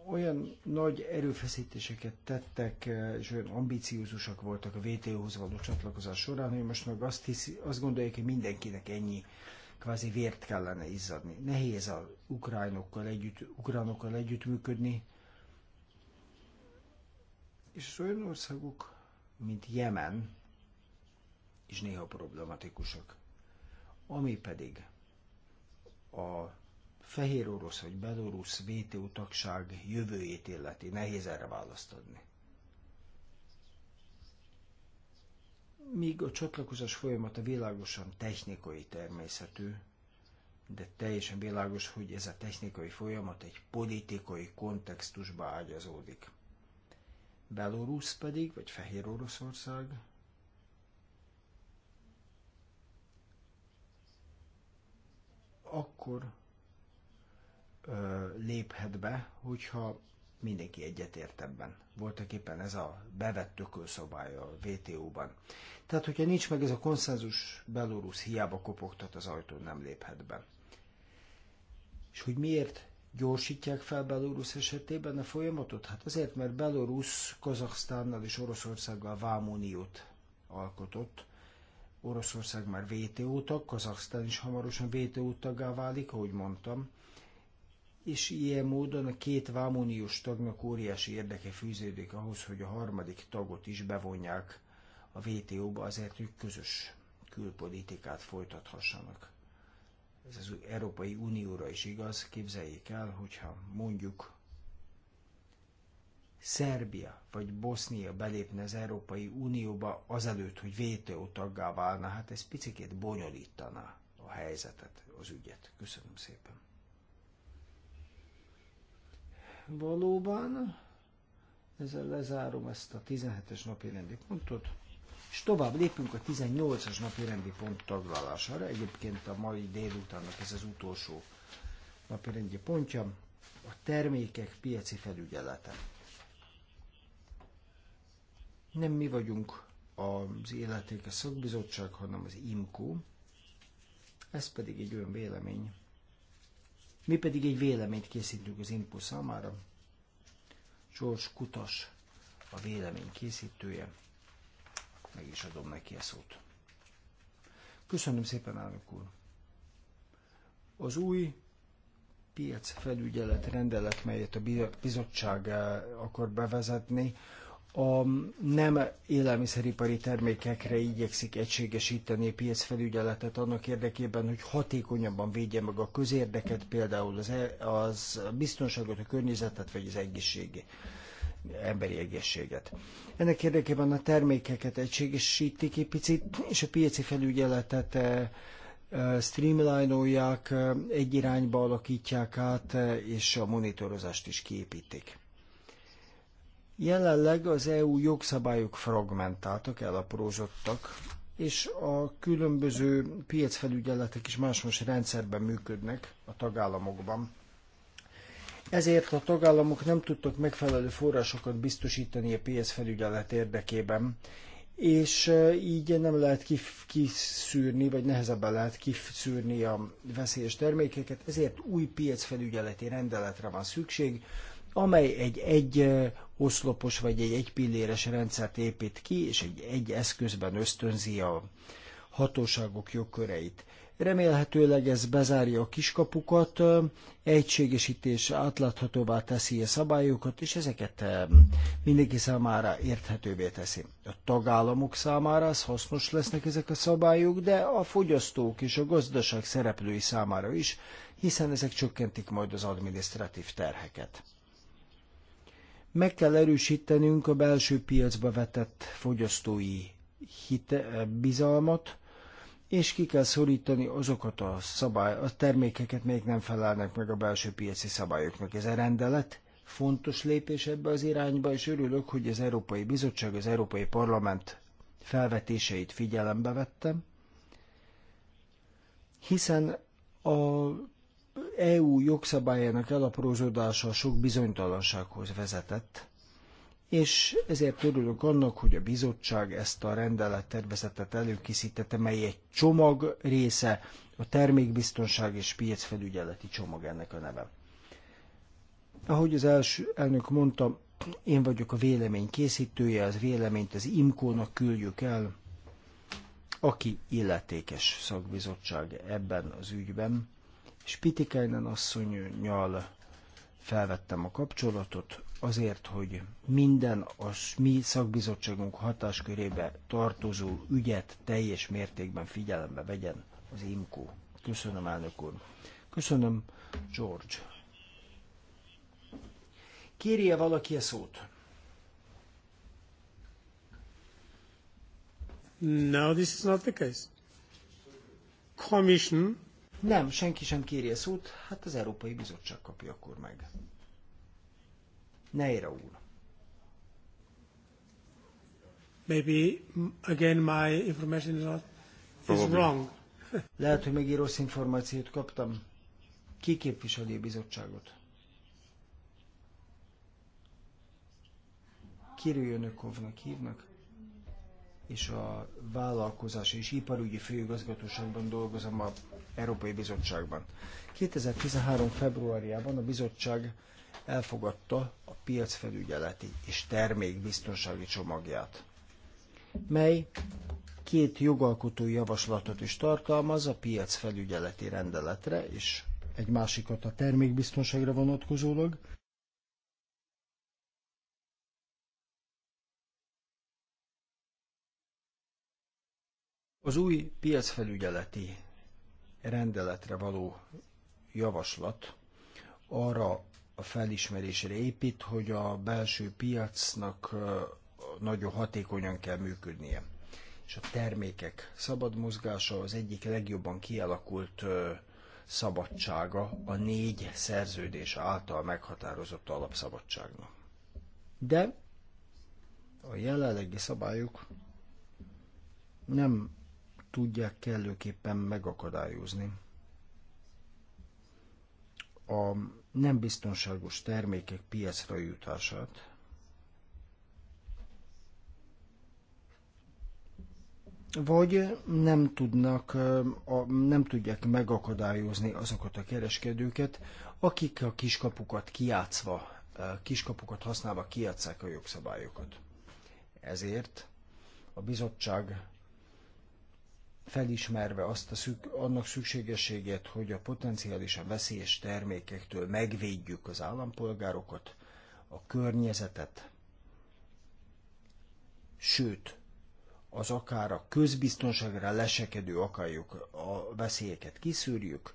Olyan nagy erőfeszítéseket tettek, eh, és olyan ambiciózusak voltak a vto hoz való csatlakozás során, hogy most meg azt, hiszi, azt gondolják, hogy mindenkinek ennyi kvázi vért kellene izzadni. Nehéz az ukránokkal együtt, ukránokkal együttműködni, és olyan országok, mint Jemen, is néha problematikusak. Ami pedig a fehér orosz vagy belorusz VTU tagság jövőjét illeti, nehéz erre választ adni. míg a csatlakozás folyamata világosan technikai természetű, de teljesen világos, hogy ez a technikai folyamat egy politikai kontextusba ágyazódik. Belorusz pedig, vagy Fehér Oroszország, akkor ö, léphet be, hogyha mindenki egyetért ebben. Voltak éppen ez a bevett ökölszabály a WTO-ban. Tehát, hogyha nincs meg ez a konszenzus, Belarus hiába kopogtat az ajtó, nem léphet be. És hogy miért gyorsítják fel Belarus esetében a folyamatot? Hát azért, mert Belarus Kazaksztánnal és Oroszországgal vámuniót alkotott. Oroszország már vto tag, Kazaksztán is hamarosan VTO taggá válik, ahogy mondtam és ilyen módon a két vámonius tagnak óriási érdeke fűződik ahhoz, hogy a harmadik tagot is bevonják a vto ba azért, ők közös külpolitikát folytathassanak. Ez az Európai Unióra is igaz, képzeljék el, hogyha mondjuk Szerbia vagy Bosznia belépne az Európai Unióba azelőtt, hogy VTO taggá válna, hát ez picikét bonyolítaná a helyzetet, az ügyet. Köszönöm szépen valóban. Ezzel lezárom ezt a 17-es napi rendi pontot, és tovább lépünk a 18-as napi rendi pont taglalására. Egyébként a mai délutánnak ez az utolsó napi rendi pontja, a termékek piaci felügyelete. Nem mi vagyunk az Életéke Szakbizottság, hanem az IMCO, ez pedig egy olyan vélemény, mi pedig egy véleményt készítünk az Impu számára. George Kutas a vélemény készítője. Meg is adom neki a szót. Köszönöm szépen, elnök úr. Az új piacfelügyelet rendelet, melyet a bizottság eh, akar bevezetni, a nem élelmiszeripari termékekre igyekszik egységesíteni a piacfelügyeletet annak érdekében, hogy hatékonyabban védje meg a közérdeket, például az, e- az biztonságot, a környezetet vagy az egészségi emberi egészséget. Ennek érdekében a termékeket egységesítik egy picit, és a piaci felügyeletet e, e, streamlinolják, egy irányba alakítják át, és a monitorozást is kiépítik. Jelenleg az EU jogszabályok fragmentáltak, elaprózottak, és a különböző piacfelügyeletek is más-más rendszerben működnek a tagállamokban. Ezért a tagállamok nem tudtak megfelelő forrásokat biztosítani a piacfelügyelet érdekében, és e, így nem lehet kif- kiszűrni, vagy nehezebben lehet kiszűrni a veszélyes termékeket, ezért új piacfelügyeleti rendeletre van szükség, amely egy egy oszlopos vagy egy egypilléres rendszert épít ki, és egy egy eszközben ösztönzi a hatóságok jogköreit. Remélhetőleg ez bezárja a kiskapukat, egységesítés átláthatóvá teszi a szabályokat, és ezeket mindenki számára érthetővé teszi. A tagállamok számára ez hasznos lesznek ezek a szabályok, de a fogyasztók és a gazdaság szereplői számára is, hiszen ezek csökkentik majd az administratív terheket. Meg kell erősítenünk a belső piacba vetett fogyasztói hite, eh, bizalmat, és ki kell szorítani azokat a, szabály, a termékeket, még nem felelnek meg a belső piaci szabályoknak. Ez a rendelet fontos lépés ebbe az irányba, és örülök, hogy az Európai Bizottság, az Európai Parlament felvetéseit figyelembe vettem, hiszen a EU jogszabályának elaprózódása sok bizonytalansághoz vezetett, és ezért örülök annak, hogy a bizottság ezt a rendelettervezetet előkészítette, mely egy csomag része, a termékbiztonság és piacfelügyeleti csomag ennek a neve. Ahogy az első elnök mondta, én vagyok a vélemény készítője, az véleményt az IMKO-nak küldjük el, aki illetékes szakbizottság ebben az ügyben. Spitikainen asszonynyal felvettem a kapcsolatot, azért, hogy minden a mi szakbizottságunk hatáskörébe tartozó ügyet teljes mértékben figyelembe vegyen az IMCO. Köszönöm, elnök úr. Köszönöm, George. Kérje valaki a szót? No, this is not the case. Commission nem, senki sem kéri a szót, hát az Európai Bizottság kapja akkor meg. Neira úr. Maybe again my information is not is wrong. Lehet, hogy megint rossz információt kaptam. Ki képviseli a bizottságot? Kirőjönökovnak hívnak, és a vállalkozás és iparügyi főigazgatóságban dolgozom a Európai Bizottságban. 2013. februárjában a bizottság elfogadta a piacfelügyeleti és termékbiztonsági csomagját, mely két jogalkotói javaslatot is tartalmaz a piacfelügyeleti rendeletre, és egy másikat a termékbiztonságra vonatkozólag. Az új piacfelügyeleti rendeletre való javaslat arra a felismerésre épít, hogy a belső piacnak nagyon hatékonyan kell működnie. És a termékek szabad mozgása az egyik legjobban kialakult szabadsága a négy szerződés által meghatározott alapszabadságnak. De a jelenlegi szabályok nem tudják kellőképpen megakadályozni. A nem biztonságos termékek piacra jutását, vagy nem tudnak, nem tudják megakadályozni azokat a kereskedőket, akik a kiskapukat kiátszva, kiskapukat használva kiátszák a jogszabályokat. Ezért a bizottság felismerve azt a szük, annak szükségességét, hogy a potenciálisan veszélyes termékektől megvédjük az állampolgárokat, a környezetet, sőt, az akár a közbiztonságra lesekedő akarjuk a veszélyeket kiszűrjük,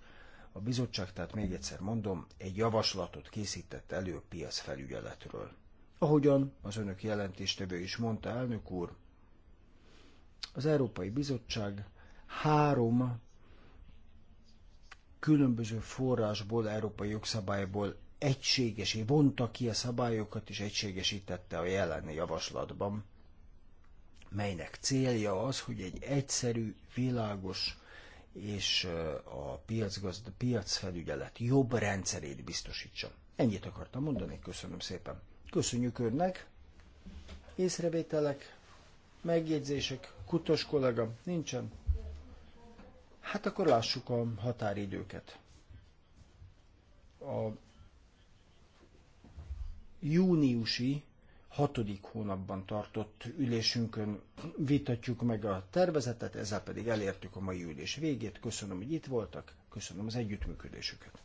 a bizottság, tehát még egyszer mondom, egy javaslatot készített elő a piacfelügyeletről. Ahogyan az önök jelentéstevő is mondta, elnök úr, az Európai Bizottság három különböző forrásból, európai jogszabályból egységesé, vonta ki a szabályokat és egységesítette a jelen javaslatban, melynek célja az, hogy egy egyszerű, világos és a piacgazd, piacfelügyelet jobb rendszerét biztosítsa. Ennyit akartam mondani, köszönöm szépen. Köszönjük önnek, észrevételek, megjegyzések, kutos kollega, nincsen, Hát akkor lássuk a határidőket. A júniusi hatodik hónapban tartott ülésünkön vitatjuk meg a tervezetet, ezzel pedig elértük a mai ülés végét. Köszönöm, hogy itt voltak, köszönöm az együttműködésüket.